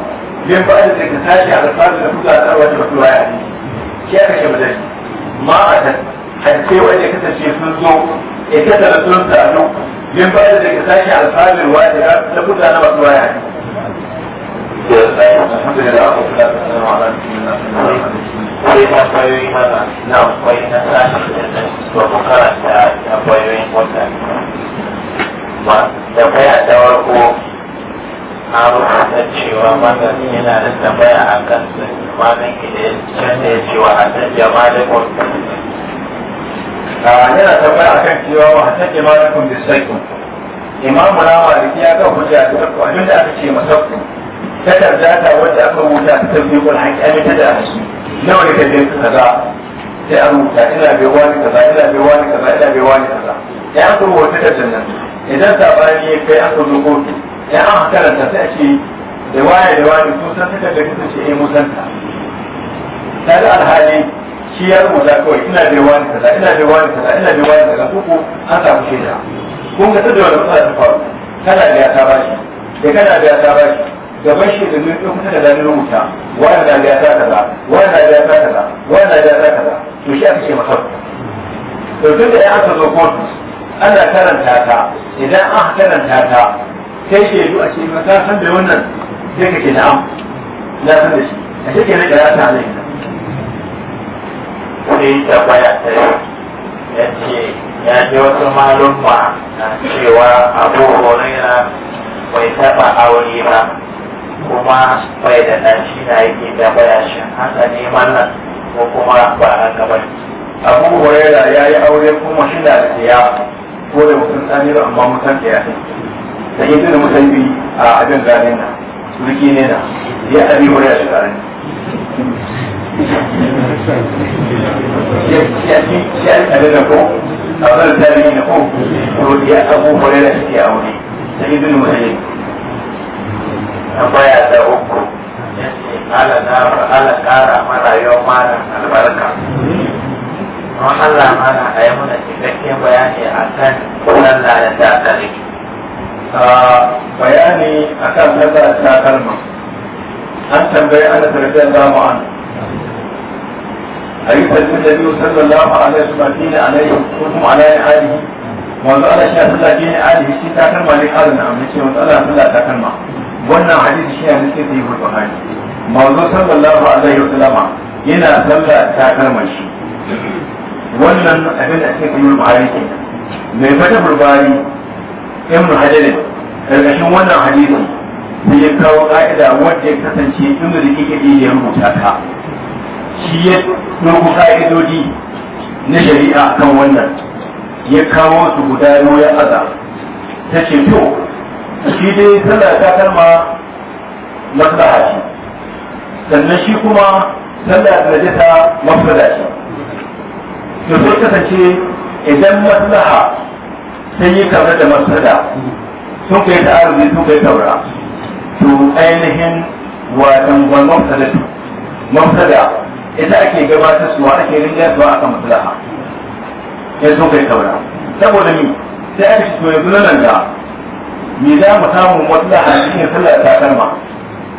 bin ba da ka tashi a alfaru da kuka a wata ba tuwa yare ke aka shi madari ma a ta hadisai wanda ka tashi sun zo ita da sun sanu bin ba da ka tashi a alfaru da wata da kuka na ba tuwa yare الحمد لله والصلاة والسلام على نبينا محمد وإذا قيل ماذا؟ نعم وإذا سألت وفقرت أبويين وسألت Da tambaya ta warko a rubuta cewa malam yana da tambaya a kan malam idan can da ya ce wa a jama'a yana tambaya a kan cewa wa hannun jama'a kun bi saikun imamu na maliki ya ga hujja ta tafi abin da aka ce masauki ta ta wadda aka rubuta ta tafi wani hankali ta da su nawa ne ka je kaza sai a rubuta ina bai wani kaza ina bai wani kaza ina bai wani kaza ya an rubuta ta jannan idan sabani ya kai aka zo kotu ya an karanta sai a ce da waya da waye su san suka da kusa ce eh musanta ta da alhali shi ya rubuta kawai ina da wani kaza ina da wani kaza ina da wani kaza ko ko an samu shaida kun ga tada wani matsala ta faru kana da ya ta bashi da kana da ya ta bashi gaban shi da nuna kuma da zanen rubuta wani na da ya ta kaza wani na da ya ta kaza wani na da ya ta kaza to shi aka ce masa to tun da ya aka zo kotu ana karanta ta idan an karanta ta sai shaidu a ce ka san da wannan sai ka ke am na san da shi a cikin da ya ta halayen wani ta baya ta ya ce ya ji wasu malumma na cewa abu yana bai taɓa aure ba kuma bai da ɗan shi na yake da baya shi haka neman nan ko kuma ba haka ba abu horira ya yi aure kuma shi da siya ko da mutum tsani ba amma mutum ɗaya ne da yake tunan mutum bi a abin gane na turki ne na ya abin wuri a ya ko na ko ya da a wuri da mutum da uku ala na ala kara wannan na da ta tsare bayani akan nazar ta kalma an tambayi ana tarbiyyar zamu an a yi ayyukan da biyu sallallahu alaihi wasallam dina alaihi ko kuma alaihi alihi manzo Allah shi sallah dina alihi shi ta kalma ne alin amma ce manzo Allah sallah ta kalma wannan hadisi shi ne sai yi bukhari manzo sallallahu alaihi wasallama yana sallah ta kalma shi wannan abin da ake yi bukhari kenan mai fata burbari ibn hajarin karkashin wannan hadisin sai ya kawo ka'ida wadda ya kasance inda da kike ya rubuta ta shi ya ɗauko ka'idodi na shari'a kan wannan ya kawo su guda ya aza ta ce to shi dai sallar ta kalma maslaha ce sannan shi kuma sallar ta jita mafsada ce to sai kasance idan maslaha sun yi kaura da masada sun kai ta arziki sun kai kaura to ainihin wajen wal mafsada mafsada ita ake gabatar suwa ake rinjar suwa akan maslaha ya sun kai kaura saboda mi sai aka ci to nan da me za mu samu maslaha cikin sallar takalma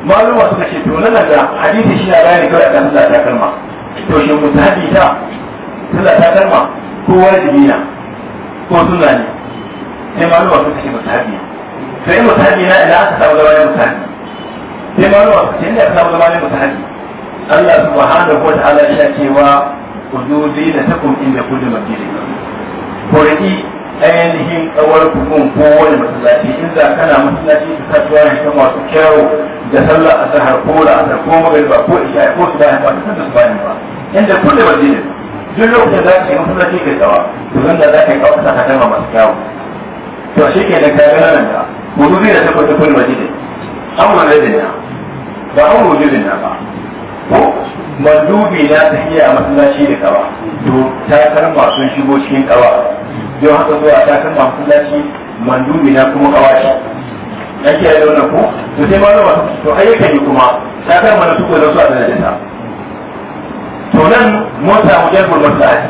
malum wasu kashe to nan da hadisi shi na bayani kawai kan sallar takalma to shi mutahabi ta sallar takalma ko wajibi na ko sunna ne sai malama suka ce mutabi sai mutabi na ina aka samu zama ne mutabi sai malama suka ce ina aka samu zama ne mutabi Allah subhanahu wa ta'ala yana cewa hududi da takum inda kullu masjidin kurki ainihin kawar kukun kowane masallaci in za kana masallaci ka kasuwa ne kan masu kyau da sallah a asahar ko la'asar ko magariba ko isha ko su bayan ba ta san da su bayan ba inda kullu masjidin duk lokacin za ka yi masallaci kai tsawa to zan da za ka yi kawar sa ka masu kyau. to shi ke da kayan nan da wudu zai da tabbata kun majidin an wani na ba an wujudin na ba ko mandubi na ta iya a masallaci da kawa to takar masu shigo cikin kawa yau haka zuwa takar masallaci mandubi na kuma kawa shi na kiyaye da wannan ko to sai ma zama to ayyukan yi kuma ta takar mana su ko da su a zanajinta to nan mota mujarmul maslaha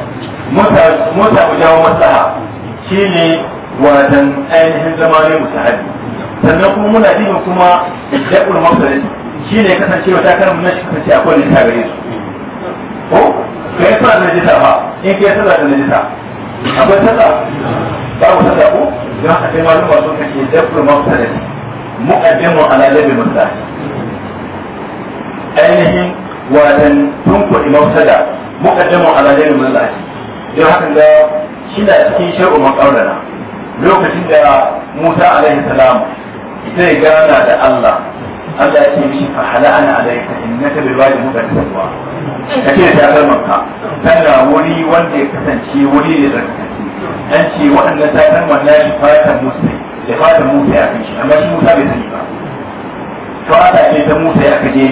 mota mota mujarmul maslaha shine watan ainihin zama ne musahabi sannan kuma muna diba kuma da'ul mafsalin shi ne kasance kasancewa takarar mun shi kasance akwai nisa gare su ko kai yasa da jita ba in yi sallah da najisa akwai sallah babu sallah ko don haka sai malum ba sun kace da'ul mafsalin muqaddimu ala labi musahabi ainihin watan tunkuɗi mafsada muqaddimu ala labi musahabi don haka da shi na cikin shar'u makaurana lokacin da Musa alaihi salam zai gana da Allah Allah ya ce mishi fa halana alaika innaka bil wadi mutakassawa kace da kalmarka tana wani wanda ya kasance wuri ne da dan ce ta waɗannan sakan wallahi fatan Musa da fatan Musa ya kai shi amma shi Musa bai sani ba to aka ce ta Musa ya kaje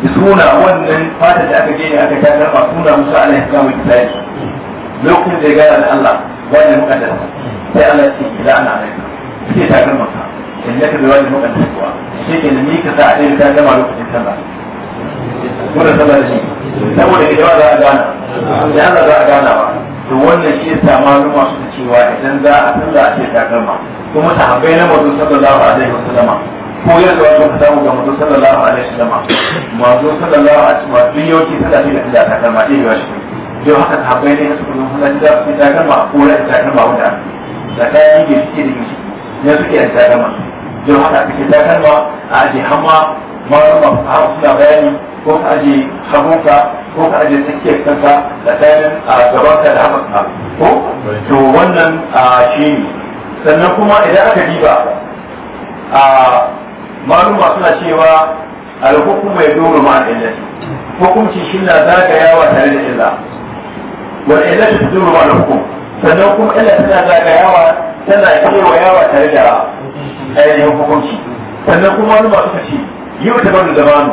ni suna wannan fata da aka je aka ta karba suna Musa alaihi salam ya lokacin da ya gana da Allah wannan mukaddasa sai Allah ya ce da ana alaika sai ta gama ka in ya ka biwa da mukan tsakuwa shi ke ka sa a ta gama lokacin sallah wannan sallah shi saboda za a gana da Allah za a gana ba to wannan shi yasa maluma suka cewa idan za a sallah a ce ta gama kuma sahabbai na mazu sallallahu alaihi wasallama ko yadda wasu ka samu ga mazu sallallahu alaihi wasallama mazu sallallahu alaihi wasallama duk yawanci sallah ce da ta gama ɗaya yawa shi don haka sahabbai ne suka zo sallah ta gama ko ta gama da ɗaya ne suke da shi ne suke da takalma don haka ake takalma a aje hama marama a suna bayani ko ka aje hagunka ko ka aje tsakiyar kanka da ɗayan a gabanka da ka ko to wannan shi ne sannan kuma idan aka diba a maluma suna cewa alhukum ya duru ma'an illati hukunci shi na zagayawa tare da illa wal illati duru ma'an hukum sannan kuma ina tana zagayawa tana wa yawa tare da ainihin hukunci sannan kuma wani masu wata yau da bari zamanu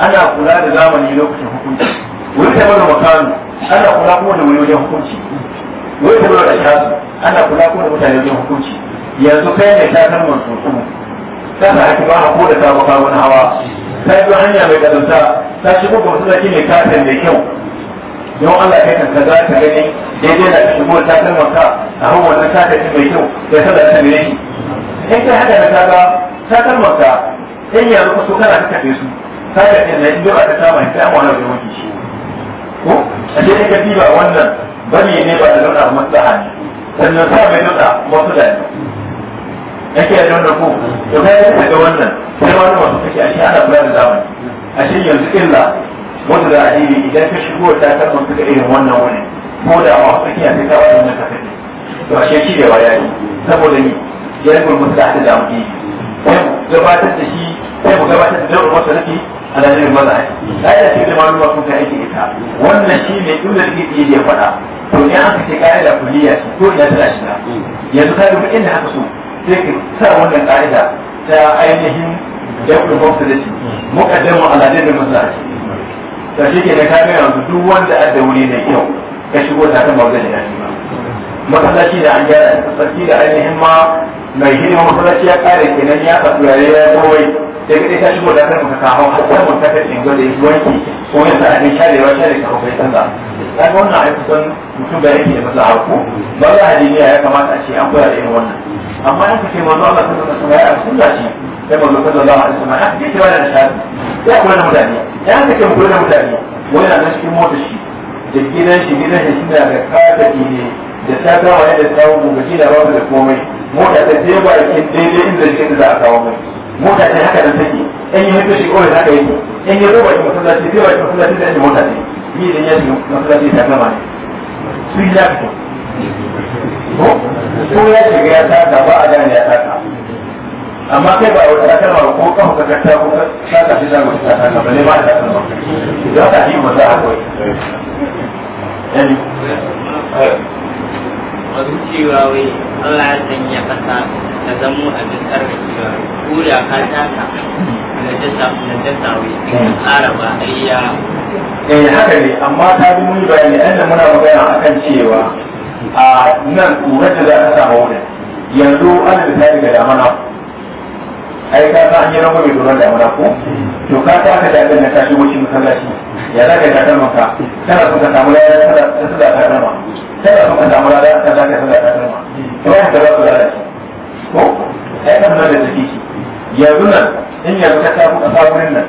ana kula da zamani lokacin hukunci wani da bari makanu ana kula kuma da wajen hukunci wani da shasu ana kula kuma da mutane wajen hukunci yanzu kai ne ta kan mansu kuma kana haka ba ko da ta baka wani hawa ta yi hanya mai kadanta ta shigo ga mutum da ke mai da kyau Yau Allah kai kanka za ka gani daidai da shigo ta kalmarka a wannan sata tafi mai kyau da sallar ta gare shi in kai haka na kaga ta kalmarka in yanzu ka so kana ka tafi su ta da ɗin nan duk aka kama ta amma wani wani shi ko a je ka diba wannan bari ne ba da nuna maslaha ne sannan sa mai nuna wasu da ne yake da wannan ko to kai ka ga wannan sai wani wasu kake a shi ana kula da zamani a shi yanzu illa wanda za a dibi idan ka shigo ta kalmar suka irin wannan wani ko da ma wasu kiyan sai ka wani wannan kafin to a shi da waya ne saboda ni ya yi musu da aka da ne sai mu gabatar da shi sai mu gabatar da daurin wasu nufi a lalin maza ne yi da shi da maluwa sun ka aiki ita wannan shi ne inda da kike ya faɗa to ne an kace kayan da kuliya shi ko ina tana shi na yanzu ka rubuta inda haka so sai ka sa wannan ka'ida ta ainihin daurin da nufi muƙaddamu a lalin maza ne to shi ke da kamar yanzu duk wanda a da wuri mai kyau ka shigo ta ta mawuzi da shi ba masallaci da an gyara masallaci da ainihin ma mai hidima masallaci ya kare kenan ya fasu yare ya kowai sai ka ta shigo ta ta maka kawo har ta maka ta cin gwada ya wanki ko ya sa abin sharewa share ka kuma ya canza ta ga wannan ai kusan mutum bai yake da masu harko ba da hadiniya ya kamata a ce an koya da irin wannan amma yanka ce manzo Allah ta zama sun ya a sunna ce sai manzo sallallahu alaihi wasallam haka yake wannan shafi ya kuma na mutane ya haka ke kuma na mutane wani na cikin mota shi da gidan shi gidan shi suna da kafaki ne da ta kawo yadda ta kawo bugaci da babu da komai mota ta je ba ke daidai shi za a kawo mai mota ta da take in yi mutu shi kawai haka yake in yi roba shi masallaci sai ba shi masallaci da shi mota ya shiga ta ba a ya saka amma kai ba wata kalma ba ko kan ka ta ko ka ta ta shi zamu ta ta ba ne ba da kalma da ta yi mata akwai yani wasu cewa wai Allah ya sanya kasa ta zamo a duk karfafa ko da ka taka na dasa na dasa wai in ƙara ba ayya eh haka ne amma ta bi mun bayani annan muna magana akan cewa a nan ƙura da za ka samu wurin yanzu ana da ta daga damana ai ka san hanyar yi rango mai doron damuna ko to ka ta ka da ganin ka shigo cikin masallaci ya za ka yi takalma ka kana son ka samu lada ta da ta takalma kana son ka samu lada ta da ta da takalma to ya ka da ku lalace ko ai ka sanar da ta shi yanzu nan in yanzu ka samu ka samu nan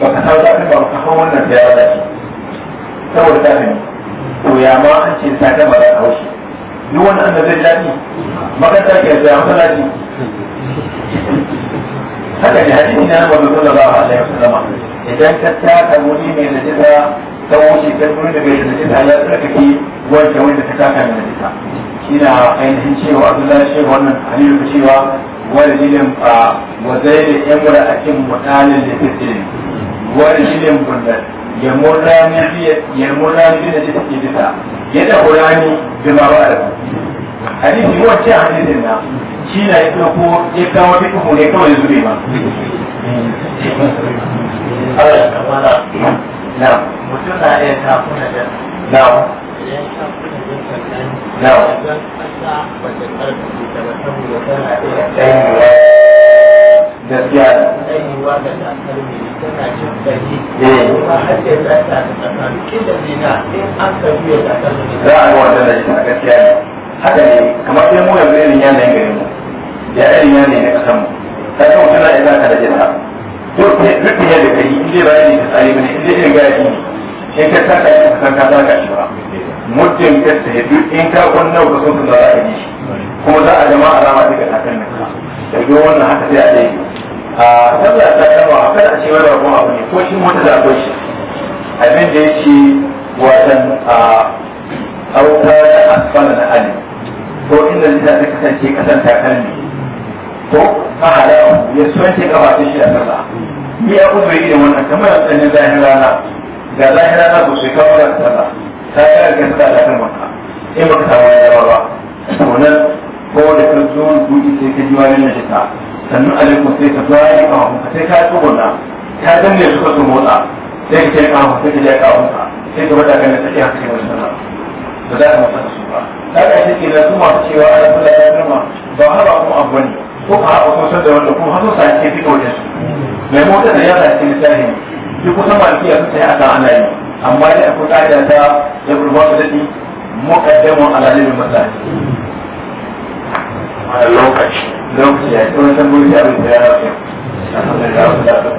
ba ka samu zafin ba ka hau wannan da ya lalace saboda ta ne to ya ma an ce ta gama da haushi duk wani an da zai daɗi makanta ke da ya masallaci haka ne hadisi na wa sallallahu alaihi wasallam idan ka taka wuri mai najisa ta wuce ka wuri da mai najisa ya tsarkake wanke wanda ka taka mai najisa shine ainihin cewa Abdullahi shehu wannan hadisi cewa ورجلهم وزير امرأة مؤان لفتر ورجلهم بندر يمراني في يمراني في نجس كبسا يدخلاني بما بعده حديث هو الشيء حديثنا shi na ya ko ya kawo fikihu ne kawai zube ba na mutum na ta kafuna da na da na idan kasa ba ta ta gaskiya tsayuwa eh. da ta ta ta ta ya ta a yi wata da shi gaskiya ne haka ne kamar sai mu yanzu irin yanayin garin mu ya irin ne na kasan ta kan mutum na idan kada jira duk ne duk ne da kai inda ba ne ka tsare bane inda irin gaji ne sai ka saka ka san ka saka shi ba mutum ka sai duk in ka kunna ka san za a yi shi kuma za a jama alama daga takan nan da duk wannan haka sai a dai a saboda ta kama a kada a ce wani abu abu ne ko shi mota da akwai shi abin da ya ce watan a auta da asfala na ali ko inda zai ta kasance kasan takalmi ko ma'ana ya ce gaba ta shi a kasa ni ya kuma yi da wannan kamar tsanin zahirin rana ga zahirin rana ko sai kawo da kasa ta yi ga kasa da kan wata in ba ka samu ya ba ba to nan ko da ka zo kuɗi sai ka ji wani na shi ta sannan alaikum sai ka zuwa ya kawo ka sai ka tsogona ka danne suka su motsa sai ka ce kawo sai ka je kawo ka sai ka bada ganin take haka sai wasu sana'a ba za a masa su ba daga shi ke da su cewa ana kula da girma ba haɓa kuma abu wani ko ka haɓa kuma sun wanda kuma hasu sa ke fito da su mai mota da yana cikin misali ne duk kusan malkiya sun sai akan ana yi amma dai akwai ƙa'ida ta ya burba su daɗi muƙaddamun alalibin masali lokaci lokaci ya yi wani tambayoyi abin da ya rafiya